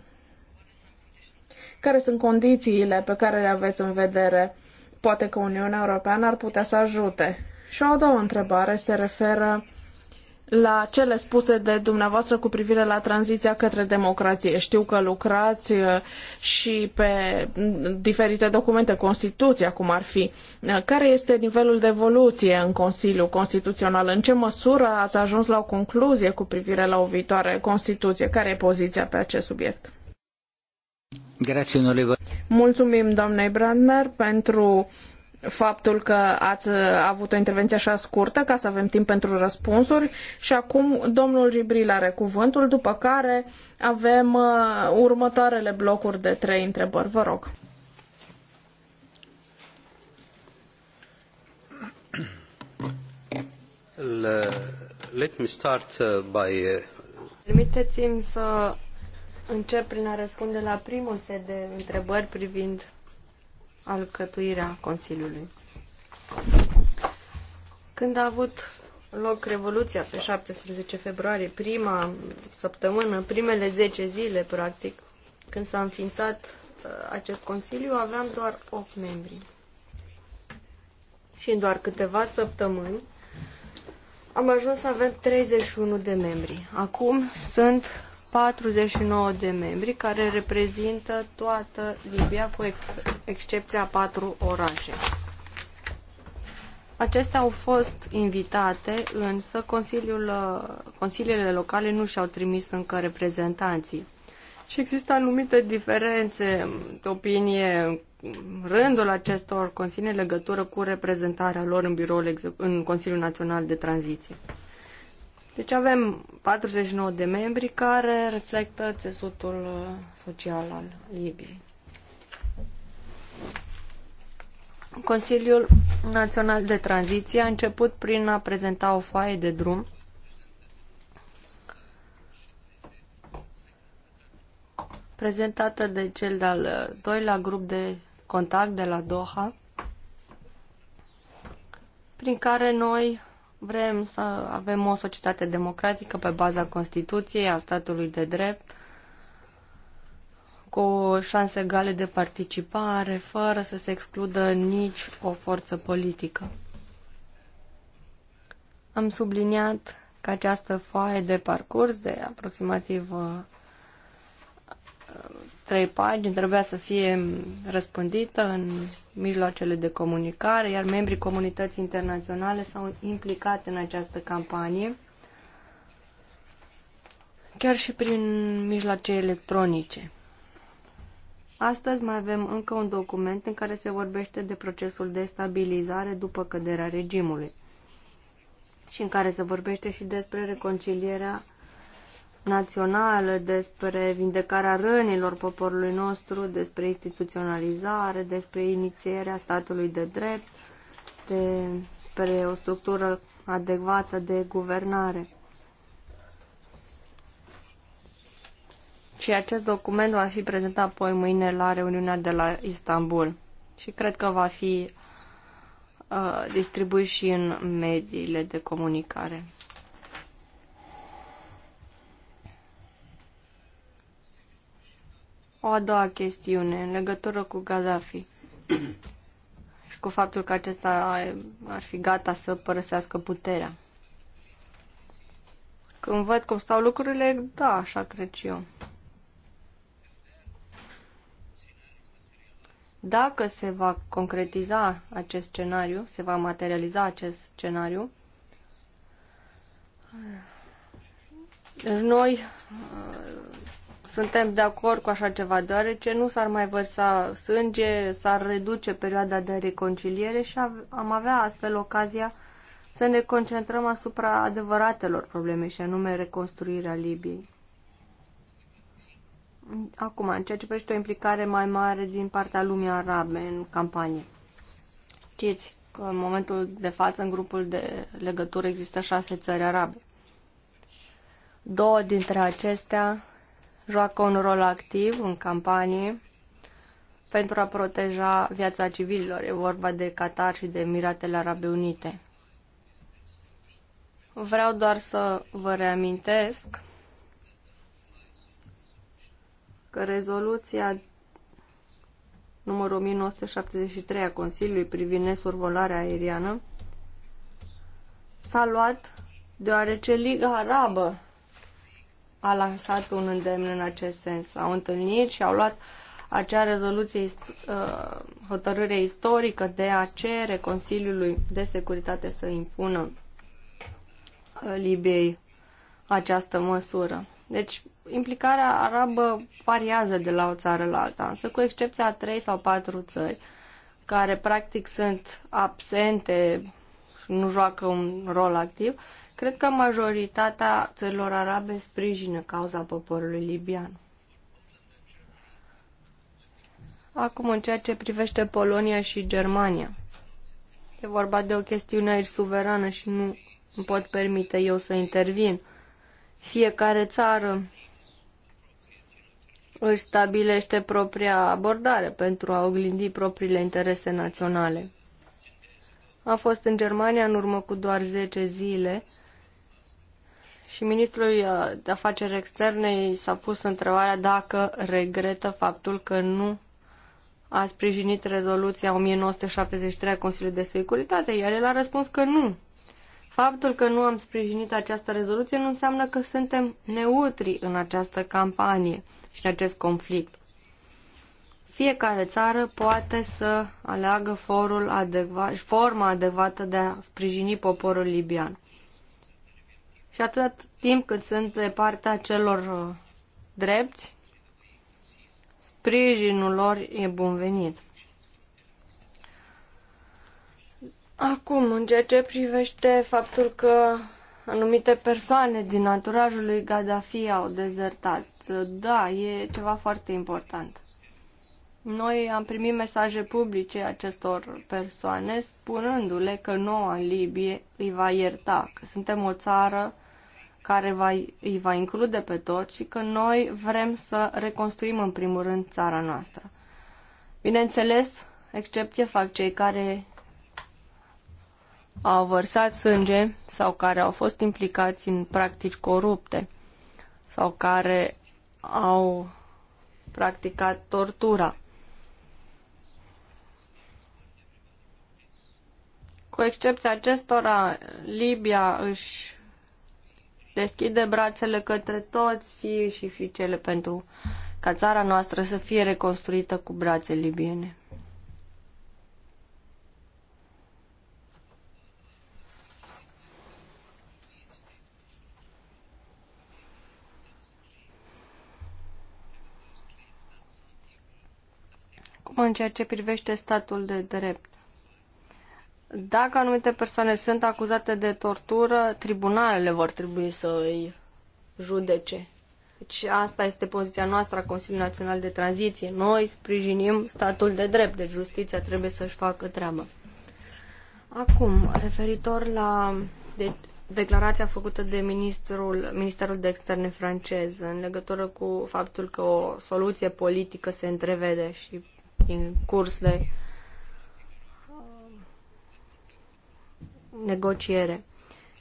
care sunt condițiile pe care le aveți în vedere? Poate că Uniunea Europeană ar putea să ajute. Și o a doua întrebare se referă la cele spuse de dumneavoastră cu privire la tranziția către democrație. Știu că lucrați uh, și pe mm, diferite documente, Constituția, cum ar fi. Uh, care este nivelul de evoluție în Consiliul Constituțional? În ce măsură ați ajuns la o concluzie cu privire la o viitoare Constituție? Care e poziția pe acest subiect? Mulțumim, doamnei Brandner, pentru faptul că ați avut o intervenție așa scurtă ca să avem timp pentru răspunsuri și acum domnul Gibril are cuvântul, după care avem uh, următoarele blocuri de trei întrebări. Vă rog. Let me start uh, by... Uh, Permiteți-mi să Încep prin a răspunde la primul set de întrebări privind alcătuirea Consiliului. Când a avut loc Revoluția pe 17 februarie, prima săptămână, primele 10 zile, practic, când s-a înființat uh, acest Consiliu, aveam doar 8 membri. Și în doar câteva săptămâni am ajuns să avem 31 de membri. Acum sunt 49 de membri care reprezintă toată Libia cu ex excepția patru orașe. Acestea au fost invitate, însă consiliul, consiliile locale nu și-au trimis încă reprezentanții. Și există anumite diferențe de opinie rândul acestor consilii în legătură cu reprezentarea lor în biroul în Consiliul Național de Tranziție. Deci avem 49 de membri care reflectă țesutul uh, social al Libiei. Consiliul Național de Tranziție a început prin a prezenta o foaie de drum prezentată de cel de-al uh, doilea grup de contact de la Doha, prin care noi Vrem să avem o societate democratică pe baza Constituției, a statului de drept, cu șanse egale de participare, fără să se excludă nici o forță politică. Am subliniat că această foaie de parcurs de aproximativ uh, trei pagini trebuia să fie răspândită în mijloacele de comunicare, iar membrii comunității internaționale s-au implicat în această campanie, chiar și prin mijloace electronice. Astăzi mai avem încă un document în care se vorbește de procesul de stabilizare după căderea regimului și în care se vorbește și despre reconcilierea națională despre vindecarea rănilor poporului nostru, despre instituționalizare, despre inițierea statului de drept, despre o structură adecvată de guvernare. Și acest document va fi prezentat apoi mâine la reuniunea de la Istanbul. Și cred că va fi uh, distribuit și în mediile de comunicare. o a doua chestiune în legătură cu Gaddafi și cu faptul că acesta ar fi gata să părăsească puterea. Când văd cum stau lucrurile, da, așa cred și eu. Dacă se va concretiza acest scenariu, se va materializa acest scenariu, deci noi suntem de acord cu așa ceva, deoarece nu s-ar mai vărsa sânge, s-ar reduce perioada de reconciliere și am avea astfel ocazia să ne concentrăm asupra adevăratelor probleme și anume reconstruirea Libiei. Acum, în ceea ce privește o implicare mai mare din partea lumii arabe în campanie. Știți că în momentul de față în grupul de legătură există șase țări arabe. Două dintre acestea joacă un rol activ în campanie pentru a proteja viața civililor. E vorba de Qatar și de Emiratele Arabe Unite. Vreau doar să vă reamintesc că rezoluția numărul 1973 a Consiliului privind nesurvolarea aeriană s-a luat deoarece Liga Arabă a lansat un îndemn în acest sens. Au întâlnit și au luat acea rezoluție, uh, hotărâre istorică de a cere Consiliului de Securitate să impună uh, Libiei această măsură. Deci, implicarea arabă variază de la o țară la alta, însă cu excepția a trei sau patru țări, care practic sunt absente nu joacă un rol activ, cred că majoritatea țărilor arabe sprijină cauza poporului libian. Acum, în ceea ce privește Polonia și Germania, e vorba de o chestiune aici suverană și nu îmi pot permite eu să intervin. Fiecare țară își stabilește propria abordare pentru a oglindi propriile interese naționale. Am fost în Germania în urmă cu doar 10 zile și ministrul uh, de afaceri externe i s-a pus întrebarea dacă regretă faptul că nu a sprijinit rezoluția 1973 a Consiliului de Securitate, iar el a răspuns că nu. Faptul că nu am sprijinit această rezoluție nu înseamnă că suntem neutri în această campanie și în acest conflict fiecare țară poate să aleagă forul adecvat, forma adecvată de a sprijini poporul libian. Și atât timp cât sunt de partea celor uh, drepți, sprijinul lor e bunvenit. Acum, în ceea ce privește faptul că anumite persoane din anturajul lui Gaddafi au dezertat, uh, da, e ceva foarte important. Noi am primit mesaje publice acestor persoane spunându-le că noua Libie îi va ierta, că suntem o țară care va, îi va include pe toți și că noi vrem să reconstruim în primul rând țara noastră. Bineînțeles, excepție fac cei care au vărsat sânge sau care au fost implicați în practici corupte sau care au practicat tortura. Cu excepția acestora, Libia își deschide brațele către toți fiii și fiicele pentru ca țara noastră să fie reconstruită cu brațe libiene. Cum în ceea ce privește statul de drept? Dacă anumite persoane sunt acuzate de tortură, tribunalele vor trebui să îi judece. Deci asta este poziția noastră a Consiliului Național de Tranziție. Noi sprijinim statul de drept, deci justiția trebuie să-și facă treabă. Acum, referitor la de- declarația făcută de ministrul, Ministerul de Externe francez în legătură cu faptul că o soluție politică se întrevede și în curs de negociere.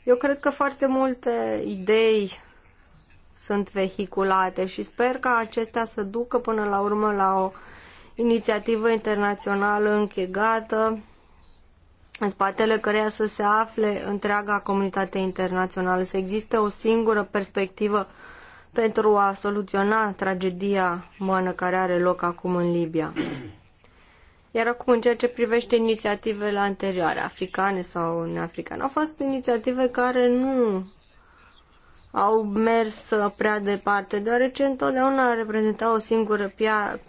Eu cred că foarte multe idei sunt vehiculate și sper ca acestea să ducă până la urmă la o inițiativă internațională închegată, în spatele căreia să se afle întreaga comunitate internațională, să existe o singură perspectivă pentru a soluționa tragedia umană care are loc acum în Libia. Iar acum, în ceea ce privește inițiativele anterioare, africane sau neafricane, au fost inițiative care nu au mers prea departe, deoarece întotdeauna reprezentau o singură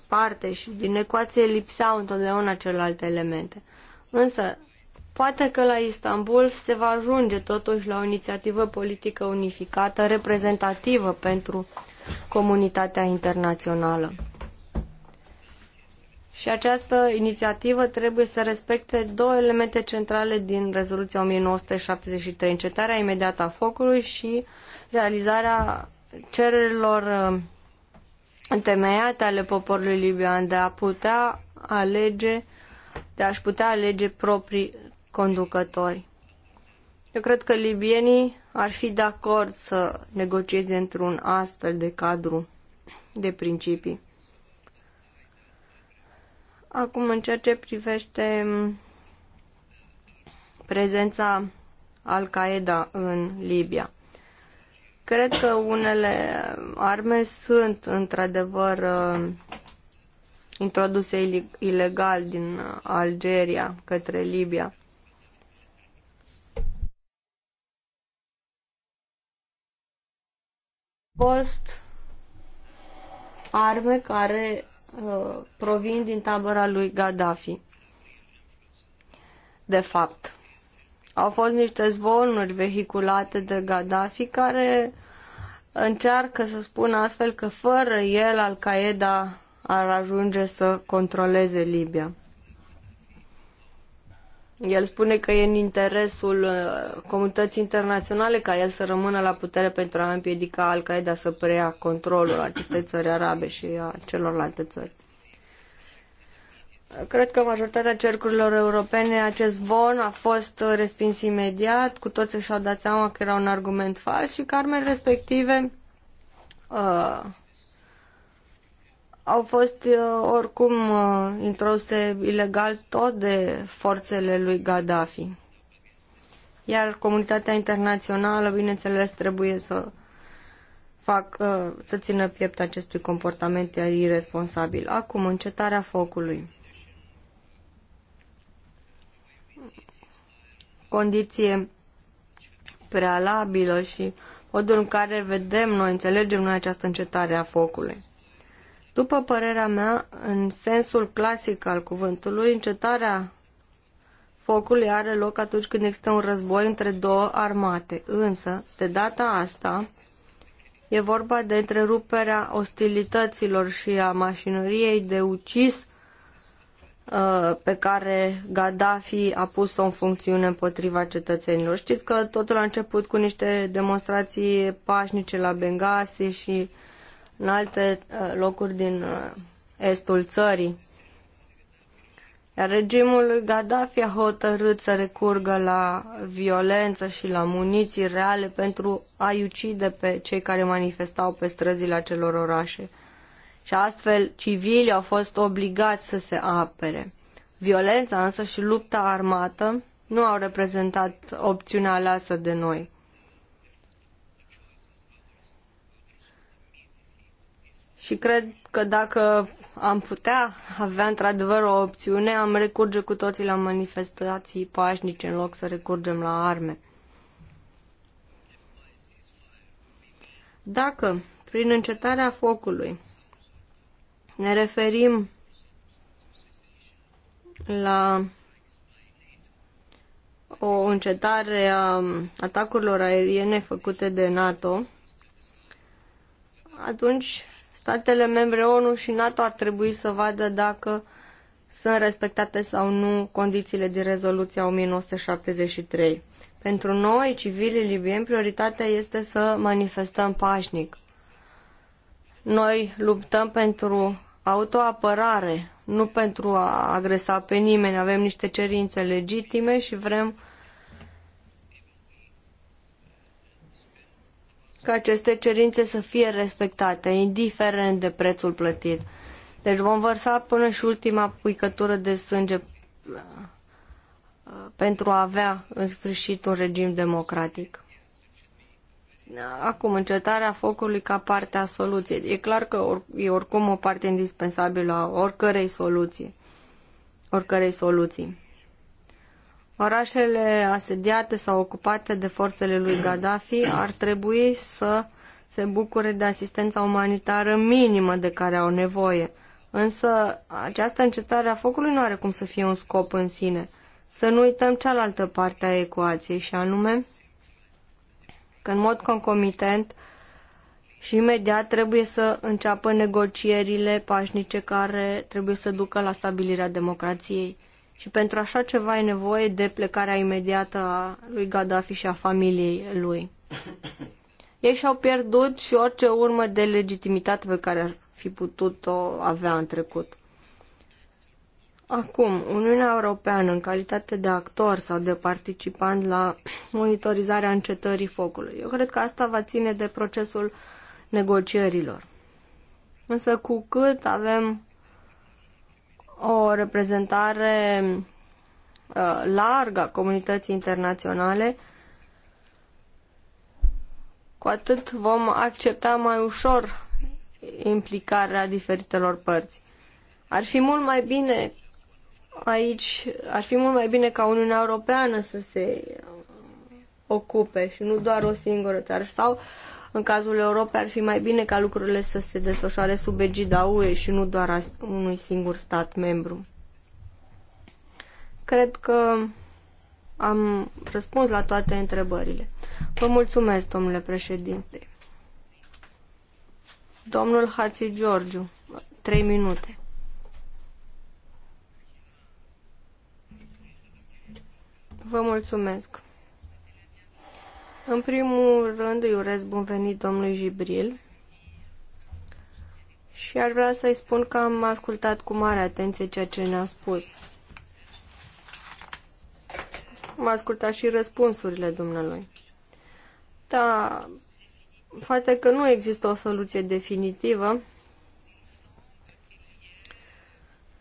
parte și din ecuație lipseau întotdeauna celelalte elemente. Însă, poate că la Istanbul se va ajunge totuși la o inițiativă politică unificată, reprezentativă pentru comunitatea internațională. Și această inițiativă trebuie să respecte două elemente centrale din rezoluția 1973, încetarea imediată a focului și realizarea cererilor uh, întemeiate ale poporului libian de a putea alege, de a-și putea alege proprii conducători. Eu cred că libienii ar fi de acord să negocieze într-un astfel de cadru de principii. Acum, în ceea ce privește mm, prezența Al-Qaeda în Libia, cred că unele arme sunt într-adevăr mm, introduse ilegal din Algeria către Libia. Post arme care Uh, provin din tabăra lui Gaddafi. De fapt, au fost niște zvonuri vehiculate de Gaddafi care încearcă să spună astfel că fără el Al-Qaeda ar ajunge să controleze Libia. El spune că e în interesul uh, comunității internaționale ca el să rămână la putere pentru a împiedica Al-Qaeda să preia controlul acestei țări arabe și a celorlalte țări. Cred că majoritatea cercurilor europene acest von a fost uh, respins imediat, cu toți și-au dat seama că era un argument fals și că armele respective uh, au fost uh, oricum uh, introduse ilegal tot de forțele lui Gaddafi. Iar comunitatea internațională, bineînțeles, trebuie să fac, uh, să țină piept acestui comportament iar irresponsabil. Acum, încetarea focului. Condiție prealabilă și modul în care vedem noi, înțelegem noi această încetare a focului. După părerea mea, în sensul clasic al cuvântului, încetarea focului are loc atunci când există un război între două armate. Însă, de data asta, e vorba de întreruperea ostilităților și a mașinăriei de ucis uh, pe care Gaddafi a pus-o în funcțiune împotriva cetățenilor. Știți că totul a început cu niște demonstrații pașnice la Benghazi și uh, în alte uh, locuri din uh, estul țării. Iar regimul lui Gaddafi a hotărât să recurgă la violență și la muniții reale pentru a-i ucide pe cei care manifestau pe străzile acelor orașe. Și astfel, civilii au fost obligați să se apere. Violența însă și lupta armată nu au reprezentat opțiunea aleasă de noi. și cred că dacă am putea avea într-adevăr o opțiune, am recurge cu toții la manifestații pașnice în loc să recurgem la arme. Dacă, prin încetarea focului, ne referim la o încetare a atacurilor aeriene făcute de NATO, atunci Statele membre ONU și NATO ar trebui să vadă dacă sunt respectate sau nu condițiile din rezoluția 1973. Pentru noi, civilii libieni, prioritatea este să manifestăm pașnic. Noi luptăm pentru autoapărare, nu pentru a agresa pe nimeni. Avem niște cerințe legitime și vrem ca aceste cerințe să fie respectate, indiferent de prețul plătit. Deci vom vărsa până și ultima picătură de sânge uh, pentru a avea în sfârșit un regim democratic. Acum, încetarea focului ca parte a soluției. E clar că e oricum o parte indispensabilă a oricărei soluții. Oricărei soluții. Orașele asediate sau ocupate de forțele lui Gaddafi ar trebui să se bucure de asistența umanitară minimă de care au nevoie. Însă această încetare a focului nu are cum să fie un scop în sine. Să nu uităm cealaltă parte a ecuației și anume că în mod concomitent și imediat trebuie să înceapă negocierile pașnice care trebuie să ducă la stabilirea democrației. Și pentru așa ceva e nevoie de plecarea imediată a lui Gaddafi și a familiei lui. Ei și-au pierdut și orice urmă de legitimitate pe care ar fi putut-o avea în trecut. Acum, Uniunea Europeană, în calitate de actor sau de participant la monitorizarea încetării focului, eu cred că asta va ține de procesul negocierilor. Însă cu cât avem o reprezentare uh, largă a comunității internaționale, cu atât vom accepta mai ușor implicarea diferitelor părți. Ar fi mult mai bine aici, ar fi mult mai bine ca Uniunea Europeană să se ocupe și nu doar o singură țară sau în cazul Europei ar fi mai bine ca lucrurile să se desfășoare sub egida UE și nu doar a unui singur stat membru. Cred că am răspuns la toate întrebările. Vă mulțumesc, domnule președinte. Domnul Hați Georgiu, trei minute. Vă mulțumesc. În primul rând îi urez bun venit domnului Jibril și ar vrea să-i spun că am ascultat cu mare atenție ceea ce ne-a spus. Am ascultat și răspunsurile dumnealui. Da, poate că nu există o soluție definitivă,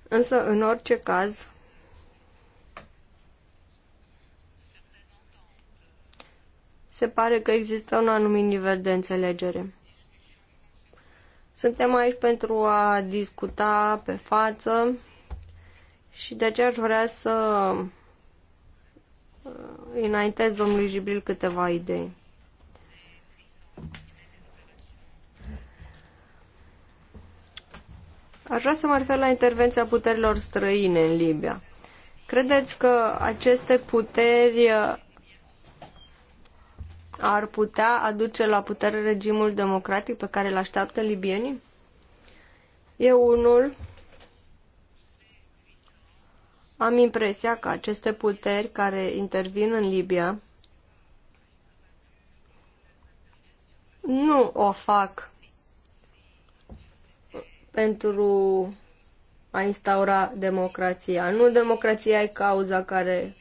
însă în orice caz se pare că există un anumit nivel de înțelegere. Suntem aici pentru a discuta pe față și de aceea aș vrea să uh, înaintez domnului Jibril câteva idei. Aș vrea să mă refer la intervenția puterilor străine în Libia. Credeți că aceste puteri uh, ar putea aduce la putere regimul democratic pe care îl așteaptă libienii? E unul am impresia că aceste puteri care intervin în Libia nu o fac pentru a instaura democrația. Nu democrația e cauza care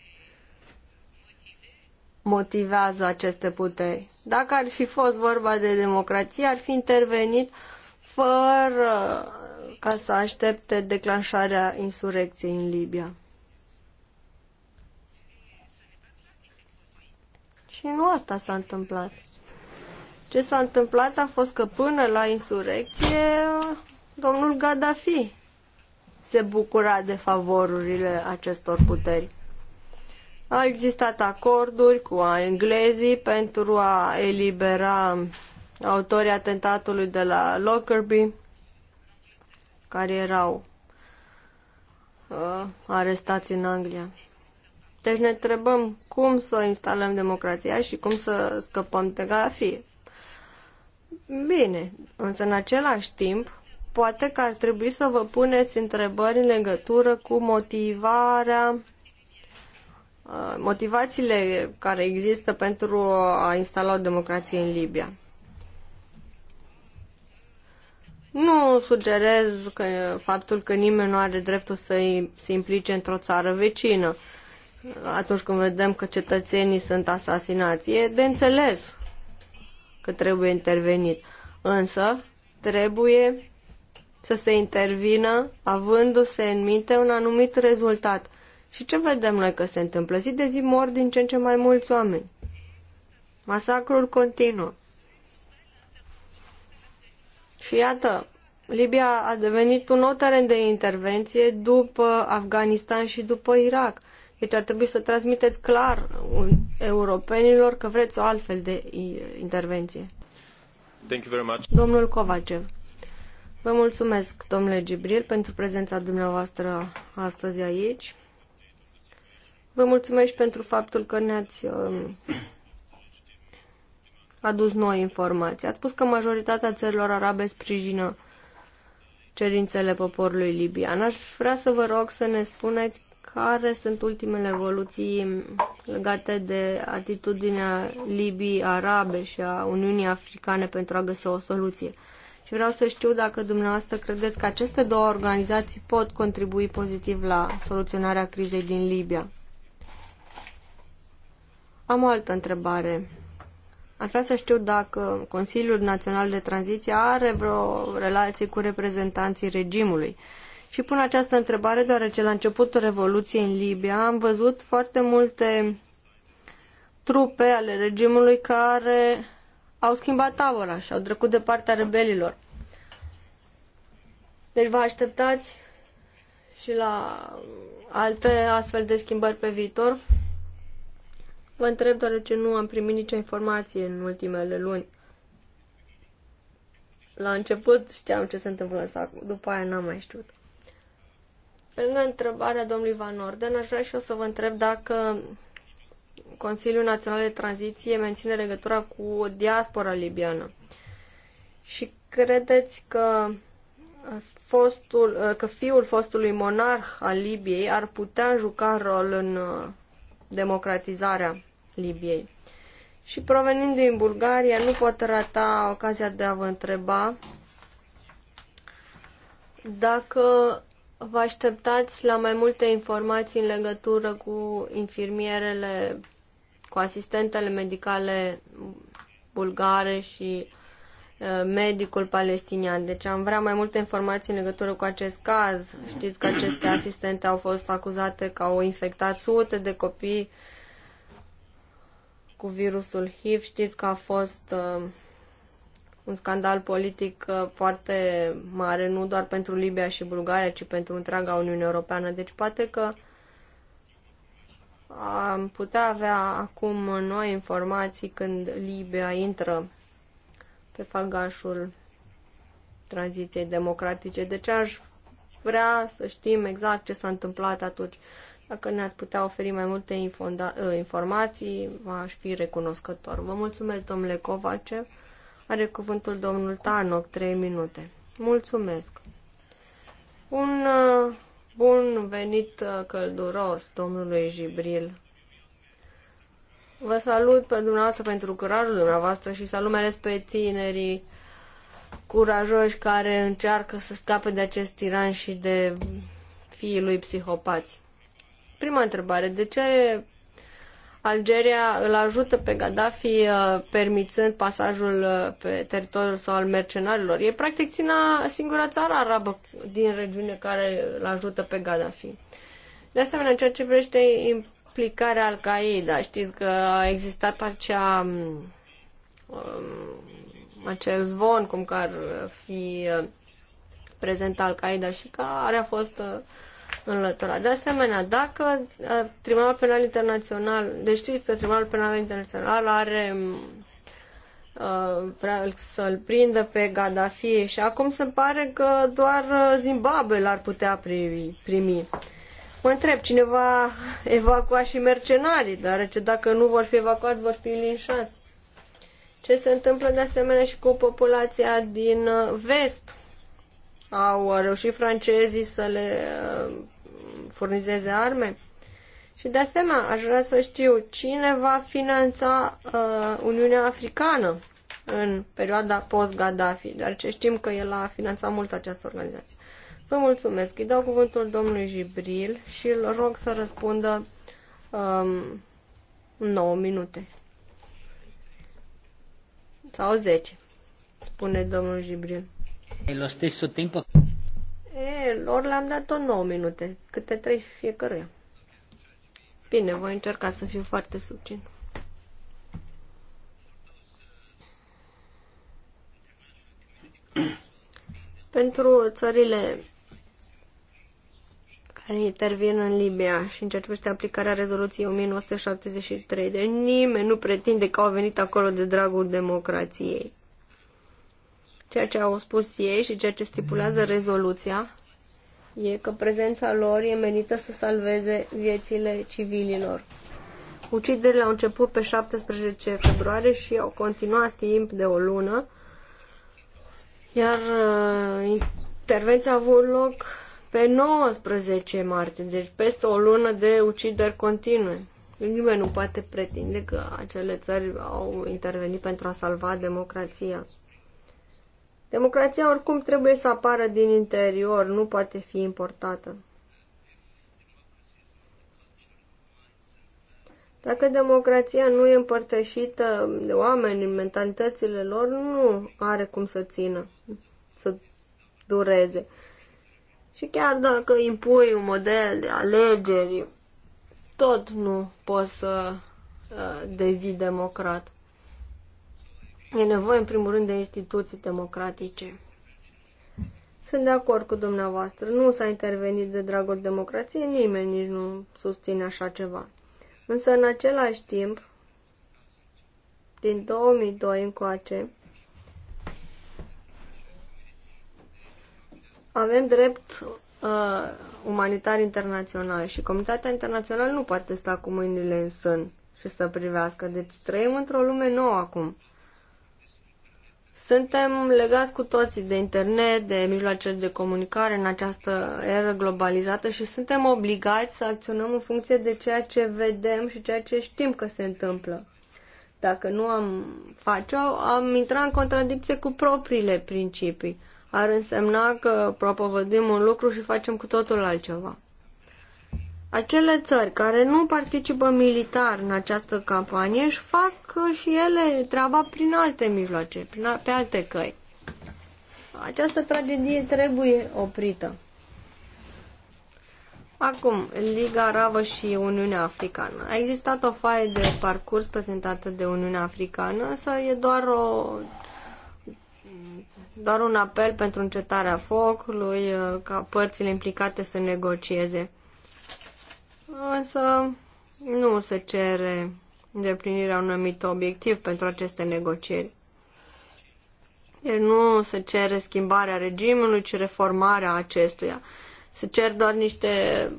motivează aceste puteri. Dacă ar fi fost vorba de democrație, ar fi intervenit fără ca să aștepte declanșarea insurecției în Libia. Și nu asta s-a întâmplat. Ce s-a întâmplat a fost că până la insurecție, domnul Gaddafi se bucura de favorurile acestor puteri. A existat acorduri cu englezii pentru a elibera autorii atentatului de la Lockerbie, care erau uh, arestați în Anglia. Deci ne întrebăm cum să instalăm democrația și cum să scăpăm de gafie. Bine, însă în același timp, poate că ar trebui să vă puneți întrebări în legătură cu motivarea Uh, motivațiile care există pentru a instala o democrație în Libia. Nu sugerez că faptul că nimeni nu are dreptul să se implice într-o țară vecină uh, atunci când vedem că cetățenii sunt asasinați. E de înțeles că trebuie intervenit. Însă trebuie să se intervină avându-se în minte un anumit rezultat. Și ce vedem noi că se întâmplă? Zi de zi mor din ce în ce mai mulți oameni. Masacrul continuă. Și iată, Libia a devenit un nou teren de intervenție după Afganistan și după Irak. Deci ar trebui să transmiteți clar europenilor că vreți o altfel de intervenție. Thank you very much. Domnul Kovacev. Vă mulțumesc, domnule Gibril, pentru prezența dumneavoastră astăzi aici. Vă mulțumesc pentru faptul că ne-ați um, adus noi informații. Ați spus că majoritatea țărilor arabe sprijină cerințele poporului libian. Aș vrea să vă rog să ne spuneți care sunt ultimele evoluții legate de atitudinea Libii arabe și a Uniunii Africane pentru a găsi o soluție. Și vreau să știu dacă dumneavoastră credeți că aceste două organizații pot contribui pozitiv la soluționarea crizei din Libia. Am o altă întrebare. Ar vrea să știu dacă Consiliul Național de Tranziție are vreo relație cu reprezentanții regimului. Și pun această întrebare deoarece la începutul Revoluției în Libia am văzut foarte multe trupe ale regimului care au schimbat tabăra și au trecut de partea rebelilor. Deci vă așteptați și la alte astfel de schimbări pe viitor? Vă întreb deoarece nu am primit nicio informație în ultimele luni. La început știam ce se întâmplă, sau după aia n-am mai știut. Pe lângă întrebarea domnului Van Orden, aș vrea și eu să vă întreb dacă Consiliul Național de Tranziție menține legătura cu diaspora libiană. Și credeți că fostul, că fiul fostului monarh al Libiei ar putea juca rol în uh, democratizarea Libiei. Și provenind din Bulgaria, nu pot rata ocazia de a vă întreba dacă vă așteptați la mai multe informații în legătură cu infirmierele, cu asistentele medicale bulgare și medicul palestinian. Deci am vrea mai multe informații în legătură cu acest caz. Știți că aceste asistente au fost acuzate că au infectat sute de copii uh, cu virusul HIV. Știți că a fost uh, un scandal politic uh, foarte mare, nu doar pentru Libia și Bulgaria, ci pentru întreaga Uniune Europeană. Deci poate că am putea avea acum noi informații când Libia intră pe fagașul tranziției democratice. De Deci aș vrea să știm exact ce s-a întâmplat atunci. Dacă ne-ați putea oferi mai multe ă, informații, aș fi recunoscător. Vă mulțumesc, domnule Covace. Are cuvântul domnul Tanoc, 3 minute. Mulțumesc. Un ă, bun venit ă, călduros domnului Jibril. Vă salut pe dumneavoastră pentru curajul dumneavoastră și salut mai ales pe tinerii curajoși care încearcă să scape de acest tiran și de fiii lui psihopați. Prima întrebare, de ce Algeria îl ajută pe Gaddafi uh, permițând pasajul uh, pe teritoriul sau al mercenarilor? E practic țina singura țară arabă din regiune care îl ajută pe Gaddafi. De asemenea, ceea ce vrește implicarea Al-Qaeda, știți că a existat acea, um, acel zvon cum că ar fi uh, prezent Al-Qaeda și că are a fost uh, înlătura. De asemenea, dacă uh, Tribunalul Penal Internațional, deci știți că Tribunalul Penal Internațional are mm, uh, să-l prindă pe Gaddafi și acum se pare că doar uh, Zimbabwe l-ar putea primi. primi. Mă întreb, cineva evacua și mercenarii, deoarece dacă nu vor fi evacuați, vor fi linșați. Ce se întâmplă de asemenea și cu populația din uh, vest? Au reușit francezii să le furnizeze arme? Și de asemenea, aș vrea să știu cine va finanța uh, Uniunea Africană în perioada post-Gaddafi, ce știm că el a finanțat mult această organizație. Vă mulțumesc. Îi dau cuvântul domnului Jibril și îl rog să răspundă um, 9 minute. Sau 10, spune domnul Jibril. E lo stesso timp. E, lor le-am dat tot 9 minute, câte 3 fiecăruia. Bine, voi încerca să fiu foarte subțin. Pentru țările care intervin în Libia și încercăște aplicarea rezoluției 1973, de nimeni nu pretinde că au venit acolo de dragul democrației. Ceea ce au spus ei și ceea ce stipulează rezoluția e că prezența lor e menită să salveze viețile civililor. Uciderile au început pe 17 februarie și au continuat timp de o lună, iar uh, intervenția a avut loc pe 19 martie, deci peste o lună de ucideri continue. Nimeni nu poate pretinde că acele țări au intervenit pentru a salva democrația. Democrația oricum trebuie să apară din interior, nu poate fi importată. Dacă democrația nu e împărtășită de oameni în mentalitățile lor, nu are cum să țină, să dureze. Și chiar dacă impui un model de alegeri, tot nu poți să devii democrat. E nevoie, în primul rând, de instituții democratice. Sunt de acord cu dumneavoastră. Nu s-a intervenit de dragul democrației, nimeni nici nu susține așa ceva. Însă, în același timp, din 2002 încoace, avem drept uh, umanitar internațional și comunitatea internațională nu poate sta cu mâinile în sân și să privească. Deci trăim într-o lume nouă acum. Suntem legați cu toții de internet, de mijloacele de comunicare în această eră globalizată și suntem obligați să acționăm în funcție de ceea ce vedem și ceea ce știm că se întâmplă. Dacă nu am face-o, am intrat în contradicție cu propriile principii. Ar însemna că propovădim un lucru și facem cu totul altceva acele țări care nu participă militar în această campanie își fac și ele treaba prin alte mijloace, prin a- pe alte căi. Această tragedie trebuie oprită. Acum, Liga Arabă și Uniunea Africană. A existat o faie de parcurs prezentată de Uniunea Africană, însă e doar o doar un apel pentru încetarea focului, ca părțile implicate să negocieze însă nu se cere îndeplinirea unui anumit obiectiv pentru aceste negocieri. Deci nu se cere schimbarea regimului, ci reformarea acestuia. Se cer doar niște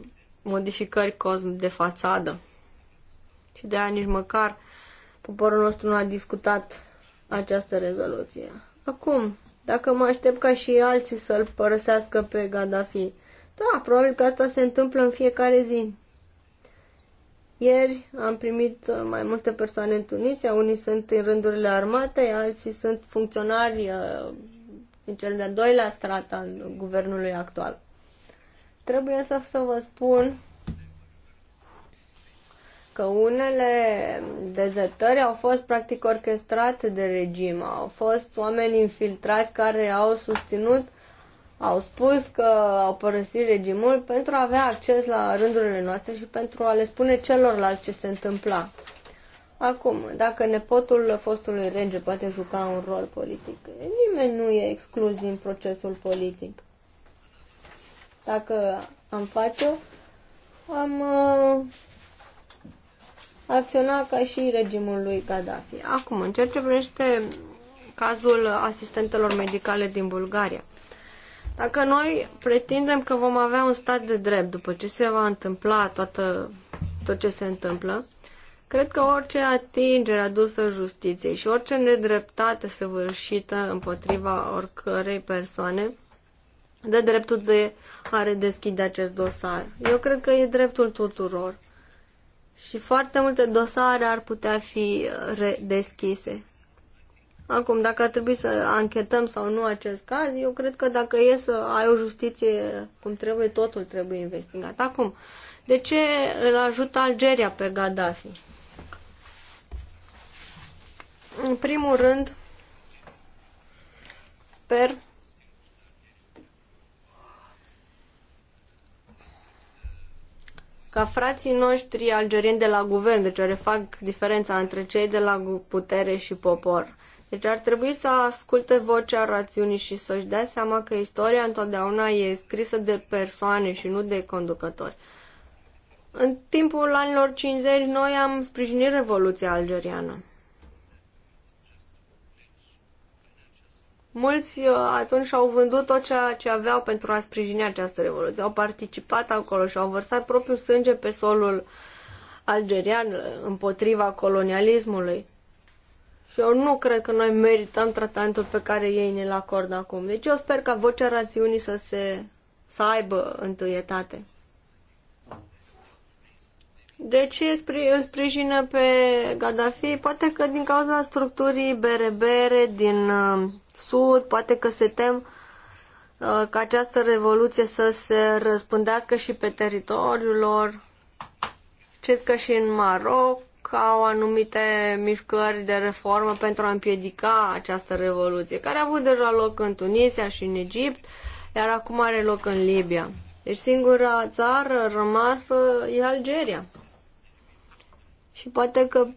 modificări cosm de fațadă. Și de aia nici măcar poporul nostru nu a discutat această rezoluție. Acum, dacă mă aștept ca și alții să-l părăsească pe Gaddafi, da, probabil că asta se întâmplă în fiecare zi. Ieri am primit uh, mai multe persoane în Tunisia, unii sunt în rândurile armatei, alții sunt funcționari uh, în cel de-al doilea strat al guvernului actual. Trebuie să, să vă spun că unele dezertări au fost practic orchestrate de regim, au fost oameni infiltrați care au susținut au spus că au părăsit regimul pentru a avea acces la rândurile noastre și pentru a le spune celorlalți ce se întâmpla. Acum, dacă nepotul fostului rege poate juca un rol politic, nimeni nu e exclus din procesul politic. Dacă am face-o, am uh, acționat ca și regimul lui Gaddafi. Acum, în ceea ce privește cazul asistentelor medicale din Bulgaria – dacă noi pretindem că vom avea un stat de drept după ce se va întâmpla toată, tot ce se întâmplă, cred că orice atingere adusă justiției și orice nedreptate săvârșită împotriva oricărei persoane dă dreptul de a redeschide acest dosar. Eu cred că e dreptul tuturor. Și foarte multe dosare ar putea fi uh, redeschise. Acum, dacă ar trebui să anchetăm sau nu acest caz, eu cred că dacă e să ai o justiție cum trebuie, totul trebuie investigat. Acum, de ce îl ajută Algeria pe Gaddafi? În primul rând, sper ca frații noștri algerieni de la guvern, deci care fac diferența între cei de la putere și popor, deci ar trebui să asculte vocea rațiunii și să-și dea seama că istoria întotdeauna e scrisă de persoane și nu de conducători. În timpul anilor 50 noi am sprijinit Revoluția Algeriană. Mulți uh, atunci au vândut tot ceea ce aveau pentru a sprijini această revoluție. Au participat acolo și au vărsat propriul sânge pe solul algerian uh, împotriva colonialismului. Și eu nu cred că noi merităm tratamentul pe care ei ne-l acordă acum. Deci eu sper ca vocea rațiunii să se să aibă întâietate. De ce îl sprijină pe Gaddafi? Poate că din cauza structurii berebere din uh, sud, poate că se tem uh, ca această revoluție să se răspândească și pe teritoriul lor. Știți că și în Maroc au anumite mișcări de reformă pentru a împiedica această revoluție, care a avut deja loc în Tunisia și în Egipt, iar acum are loc în Libia. Deci singura țară rămasă e Algeria. Și poate că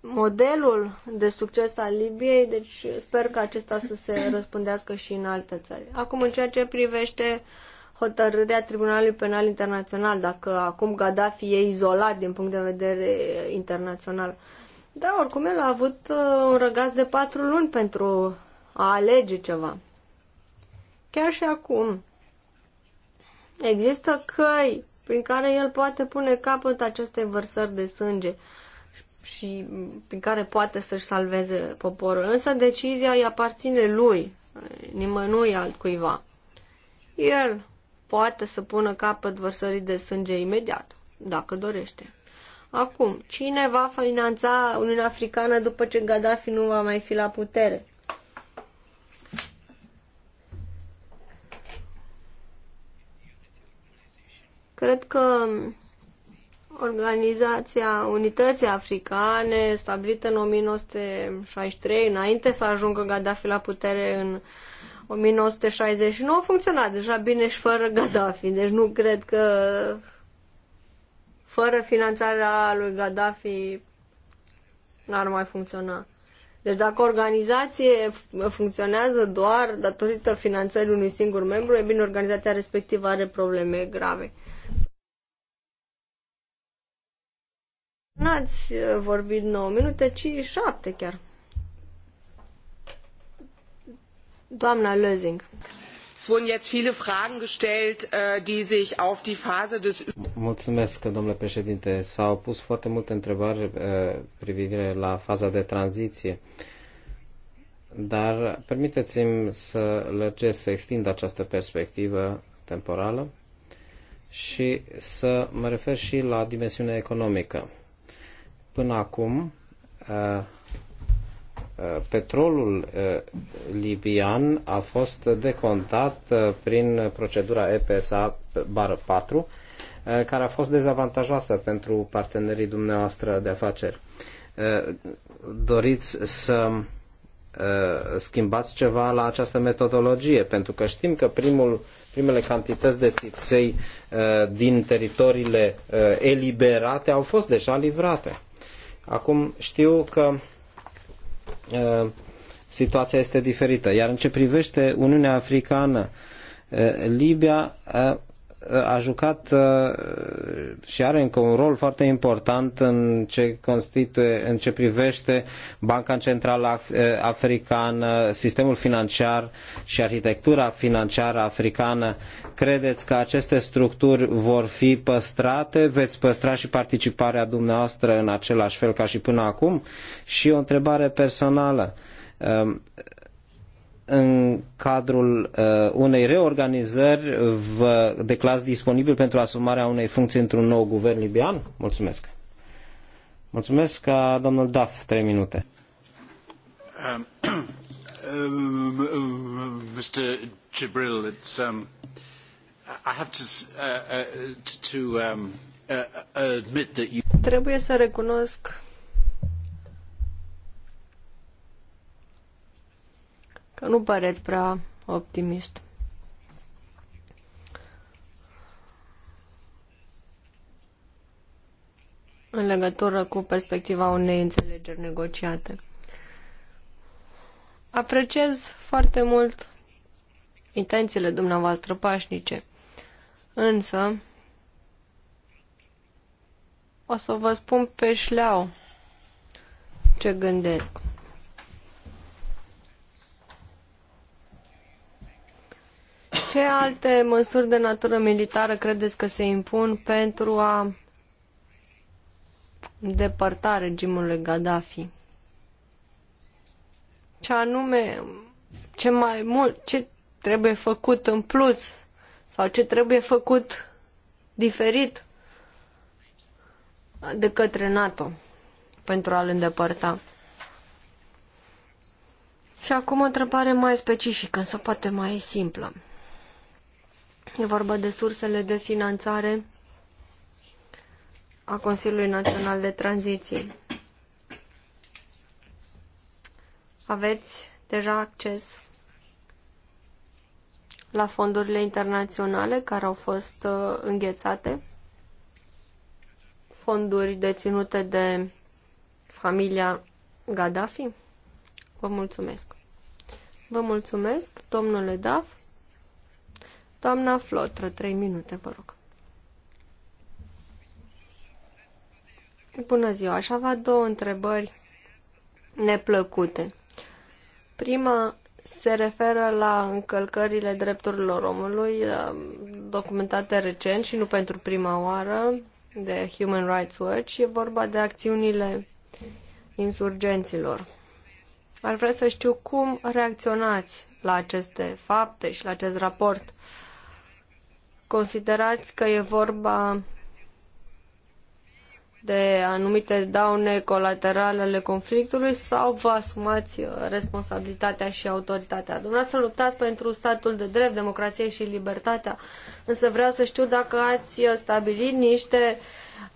modelul de succes al Libiei, deci sper că acesta să se răspândească și în alte țări. Acum, în ceea ce privește uh, hotărârea Tribunalului Penal Internațional, dacă acum Gaddafi e izolat din punct de vedere internațional. Da, oricum el a avut uh, un răgaz de patru luni pentru a alege ceva. Chiar și acum. Există căi prin care el poate pune capăt acestei vărsări de sânge și prin care poate să-și salveze poporul. Însă decizia îi aparține lui, nimănui altcuiva. El poate să pună capăt vărsării de sânge imediat, dacă dorește. Acum, cine va finanța Uniunea Africană după ce Gaddafi nu va mai fi la putere? Cred că Organizația Unității Africane, stabilită în 1963, înainte să ajungă Gaddafi la putere în 1969 funcționa deja bine și fără Gaddafi, deci nu cred că fără finanțarea lui Gaddafi n-ar mai funcționa. Deci dacă organizație funcționează doar datorită finanțării unui singur membru, e bine, organizația respectivă are probleme grave. N-ați vorbit 9 minute, ci 7 chiar. Doamna Lösing. Es wurden jetzt viele Fragen gestellt, äh, die sich auf die Phase des Mulțumesc, domnule președinte. S-au pus foarte multe întrebări uh, privire la faza de tranziție. Dar permiteți-mi să lărgesc, să extind această perspectivă temporală și să mă refer și la dimensiunea economică. Până acum, uh, petrolul uh, libian a fost decontat uh, prin procedura EPSA bară 4, uh, care a fost dezavantajoasă pentru partenerii dumneavoastră de afaceri. Doriți să schimbați ceva la această metodologie, pentru că știm că primul, primele cantități de țiței din teritoriile eliberate au fost deja livrate. Acum știu că Uh, situația este diferită. Iar în ce privește Uniunea Africană, uh, Libia uh, a jucat uh, și are încă un rol foarte important în ce constituie, în ce privește Banca Centrală uh, Africană, sistemul financiar și arhitectura financiară africană. Credeți că aceste structuri vor fi păstrate? Veți păstra și participarea dumneavoastră în același fel ca și până acum? Și o întrebare personală um, în cadrul uh, unei reorganizări vă declarați disponibil pentru asumarea unei funcții într-un nou guvern libian? Mulțumesc. Mulțumesc ca domnul Daf, trei minute. Um, uh, uh, Mr. Jibril, it's, um, I have to, uh, uh, to um, uh, uh, admit that you... Trebuie să recunosc nu păreți prea optimist. în legătură cu perspectiva unei înțelegeri negociate. Apreciez foarte mult intențiile dumneavoastră pașnice, însă o să vă spun pe șleau ce gândesc. Ce alte măsuri de natură militară credeți că se impun pentru a depărta regimul lui Gaddafi? Ce anume, ce mai mult, ce trebuie făcut în plus sau ce trebuie făcut diferit de către NATO pentru a-l îndepărta. Și acum o întrebare mai specifică, însă poate mai simplă. E vorba de sursele de finanțare a Consiliului Național de Tranziție. Aveți deja acces la fondurile internaționale care au fost uh, înghețate, fonduri deținute de familia Gaddafi? Vă mulțumesc! Vă mulțumesc, domnule Daf! Doamna Flotră, trei minute, vă rog. Bună ziua, aș avea două întrebări neplăcute. Prima se referă la încălcările drepturilor omului uh, documentate recent și nu pentru prima oară de Human Rights Watch. E vorba de acțiunile insurgenților. Ar vrea să știu cum reacționați la aceste fapte și la acest raport. Uh, Considerați că e vorba de anumite daune colaterale ale conflictului sau vă asumați uh, responsabilitatea și autoritatea? Dumneavoastră luptați pentru statul de drept, democrație și libertatea, însă vreau să știu dacă ați uh, stabilit niște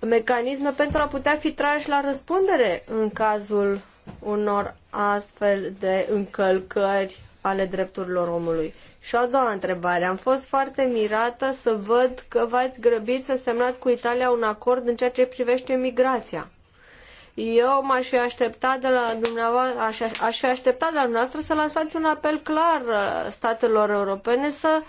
mecanisme pentru a putea fi trași la răspundere în cazul unor astfel de încălcări ale drepturilor omului. Și a doua întrebare. Am fost foarte mirată să văd că v-ați grăbit să semnați cu Italia un acord în ceea ce privește migrația. Eu m-aș fi așteptat de la dumneavoastră, aș, aș fi așteptat de la dumneavoastră să lansați un apel clar uh, statelor europene să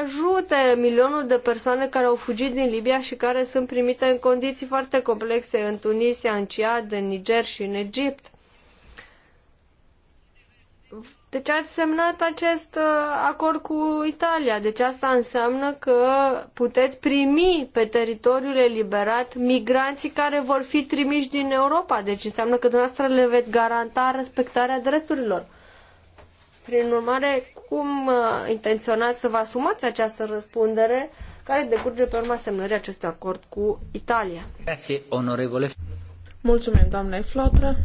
ajute milionul de persoane care au fugit din Libia și care sunt primite în condiții foarte complexe în Tunisia, în Ciad, în Niger și în Egipt. De ce ați semnat acest uh, acord cu Italia. Deci asta înseamnă că puteți primi pe teritoriul eliberat migranții care vor fi trimiși din Europa. Deci înseamnă că dumneavoastră le veți garanta respectarea drepturilor. Prin urmare, cum uh, intenționați să vă asumați această răspundere care decurge pe urma semnării acestui acord cu Italia? Grazie, onorevole. Mulțumim, doamne Flotră.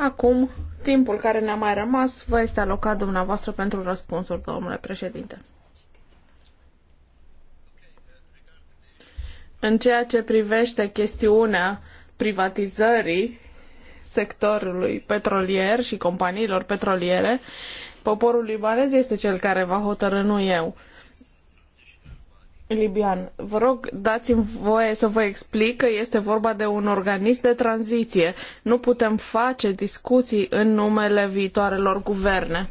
Acum, timpul care ne-a mai rămas vă este alocat dumneavoastră pentru răspunsul, domnule președinte. În ceea ce privește chestiunea privatizării sectorului petrolier și companiilor petroliere, poporul libanez este cel care va hotărâ, nu eu libian. Vă rog, dați-mi voie să vă explic că este vorba de un organism de tranziție. Nu putem face discuții în numele viitoarelor guverne.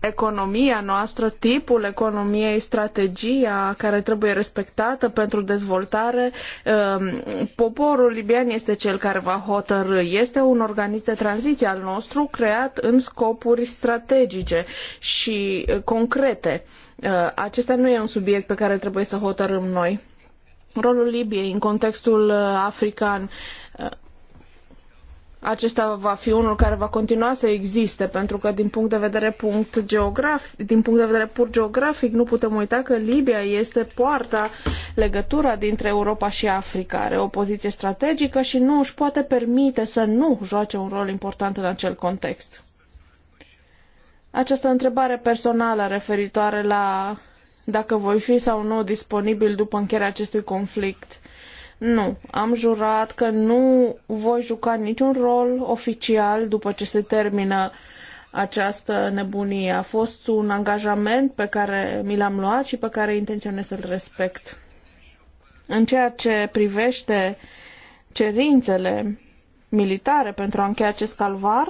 economia noastră, tipul economiei, strategia care trebuie respectată pentru dezvoltare. Ehm, poporul libian este cel care va hotărâ. Este un organism de tranziție al nostru creat în scopuri strategice și eh, concrete. Eh, acesta nu e un subiect pe care trebuie să hotărâm noi. Rolul Libiei în contextul eh, african acesta va fi unul care va continua să existe, pentru că din punct de vedere punct geografic, din punct de vedere pur geografic, nu putem uita că Libia este poarta, legătura dintre Europa și Africa, are o poziție strategică și nu își poate permite să nu joace un rol important în acel context. Această întrebare personală referitoare la dacă voi fi sau nu disponibil după încheierea acestui conflict nu, am jurat că nu voi juca niciun rol oficial după ce se termină această nebunie. A fost un angajament pe care mi l-am luat și pe care intenționez să-l respect. În ceea ce privește cerințele militare pentru a încheia acest calvar,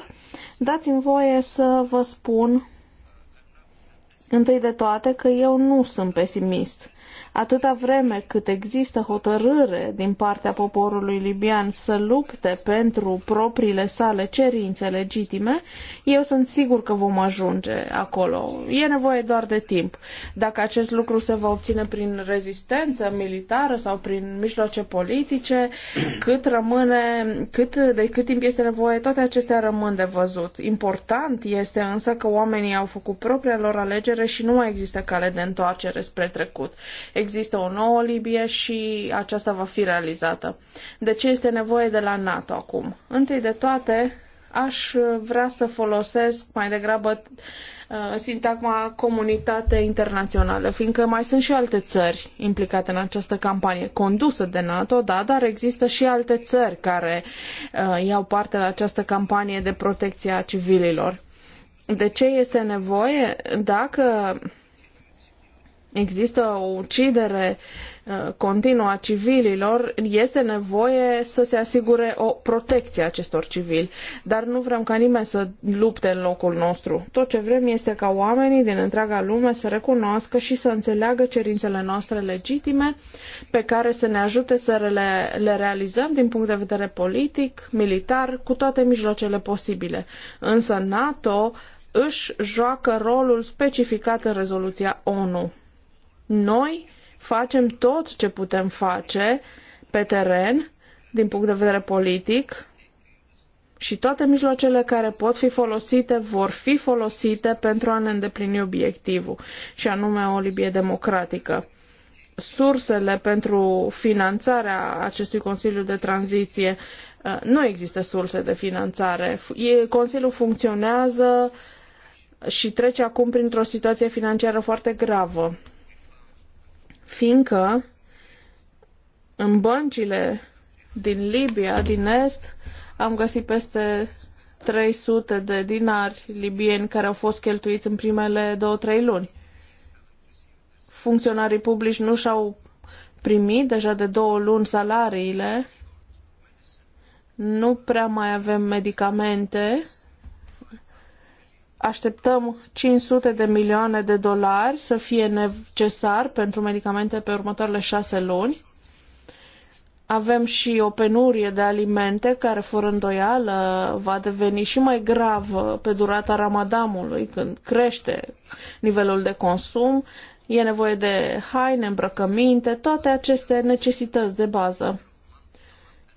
dați-mi voie să vă spun întâi de toate că eu nu sunt pesimist. Atâta vreme cât există hotărâre din partea poporului libian să lupte pentru propriile sale cerințe legitime, eu sunt sigur că vom ajunge acolo. E nevoie doar de timp. Dacă acest lucru se va obține prin rezistență militară sau prin mijloace politice, cât rămâne, cât, de cât timp este nevoie, toate acestea rămân de văzut. Important este însă că oamenii au făcut propria lor alegere și nu mai există cale de întoarcere spre trecut există o nouă Libie și aceasta va fi realizată. De ce este nevoie de la NATO acum? Întâi de toate, aș vrea să folosesc mai degrabă uh, sintagma comunitate internațională, fiindcă mai sunt și alte țări implicate în această campanie condusă de NATO, da, dar există și alte țări care uh, iau parte la această campanie de protecție a civililor. De ce este nevoie? Dacă există o ucidere uh, continuă a civililor, este nevoie să se asigure o protecție a acestor civili. Dar nu vrem ca nimeni să lupte în locul nostru. Tot ce vrem este ca oamenii din întreaga lume să recunoască și să înțeleagă cerințele noastre legitime pe care să ne ajute să le, le realizăm din punct de vedere politic, militar, cu toate mijloacele posibile. Însă NATO își joacă rolul specificat în rezoluția ONU noi facem tot ce putem face pe teren, din punct de vedere politic, și toate mijloacele care pot fi folosite vor fi folosite pentru a ne îndeplini obiectivul, și anume o Libie democratică. Sursele pentru finanțarea acestui Consiliu de Tranziție uh, nu există surse de finanțare. Consiliul funcționează și trece acum printr-o situație financiară foarte gravă fiindcă în băncile din Libia, din Est, am găsit peste 300 de dinari libieni care au fost cheltuiți în primele două-trei luni. Funcționarii publici nu și-au primit deja de două luni salariile, nu prea mai avem medicamente așteptăm 500 de milioane de dolari să fie necesar pentru medicamente pe următoarele șase luni. Avem și o penurie de alimente care, fără îndoială, va deveni și mai gravă pe durata ramadamului, când crește nivelul de consum. E nevoie de haine, îmbrăcăminte, toate aceste necesități de bază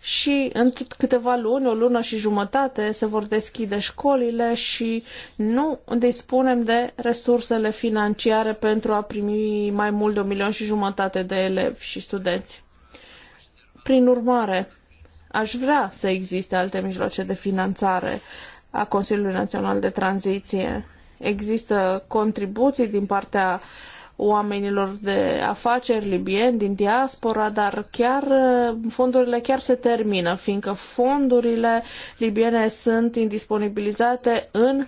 și în câteva luni, o lună și jumătate, se vor deschide școlile și nu dispunem de resursele financiare pentru a primi mai mult de un milion și jumătate de elevi și studenți. Prin urmare, aș vrea să existe alte mijloace de finanțare a Consiliului Național de Tranziție. Există contribuții din partea uh, oamenilor de afaceri libieni din diaspora, dar chiar uh, fondurile chiar se termină, fiindcă fondurile libiene sunt indisponibilizate în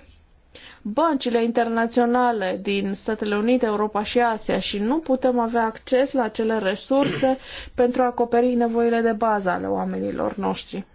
băncile internaționale din Statele Unite, Europa și Asia și nu putem avea acces la acele resurse pentru a acoperi nevoile de bază ale oamenilor noștri.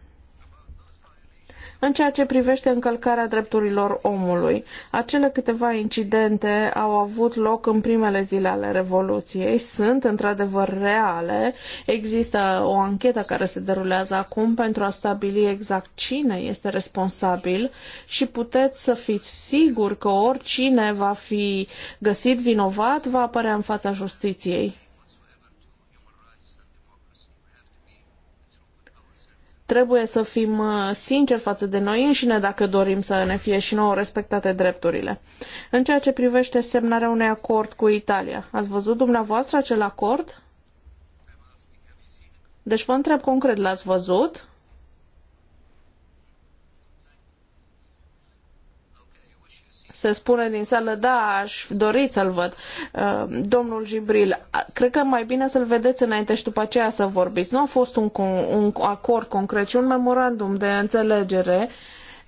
În ceea ce privește încălcarea drepturilor omului, acele câteva incidente au avut loc în primele zile ale Revoluției, sunt într-adevăr reale, există o anchetă care se derulează acum pentru a stabili exact cine este responsabil și puteți să fiți siguri că oricine va fi găsit vinovat va apărea în fața justiției. Trebuie să fim uh, sinceri față de noi înșine dacă dorim să ne fie și nouă respectate drepturile. În ceea ce privește semnarea unui acord cu Italia, ați văzut dumneavoastră acel acord? Deci vă întreb concret, l-ați văzut? se spune din sală, da, aș dori să-l văd, uh, domnul Gibril, cred că mai bine să-l vedeți înainte și după aceea să vorbiți. Nu a fost un, un acord concret, ci un memorandum de înțelegere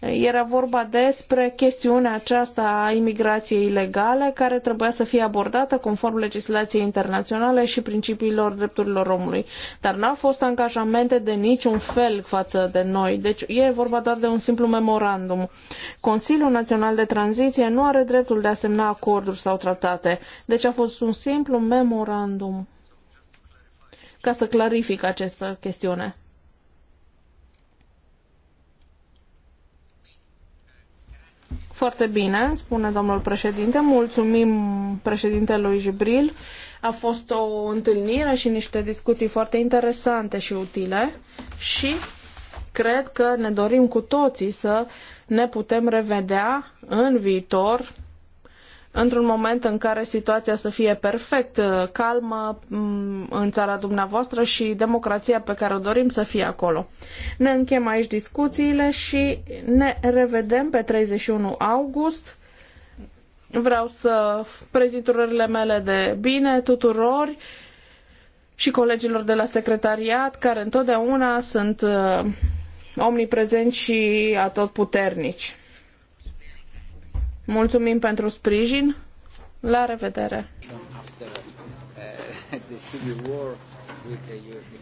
era vorba despre chestiunea aceasta a imigrației ilegale, care trebuia să fie abordată conform legislației internaționale și principiilor drepturilor omului. Dar n-au fost angajamente de niciun fel față de noi, deci e vorba doar de un simplu memorandum. Consiliul Național de Tranziție nu are dreptul de a semna acorduri sau tratate, deci a fost un simplu memorandum. Ca să clarific această chestiune. Foarte bine, spune domnul președinte. Mulțumim președintelui Jibril. A fost o întâlnire și niște discuții foarte interesante și utile și cred că ne dorim cu toții să ne putem revedea în viitor într-un moment în care situația să fie perfect uh, calmă mm, în țara dumneavoastră și democrația pe care o dorim să fie acolo. Ne închem aici discuțiile și ne revedem pe 31 august. Vreau să prezint urările mele de bine tuturor și colegilor de la secretariat, care întotdeauna sunt uh, omniprezenți și atotputernici. Mulțumim pentru sprijin. La revedere! Uh,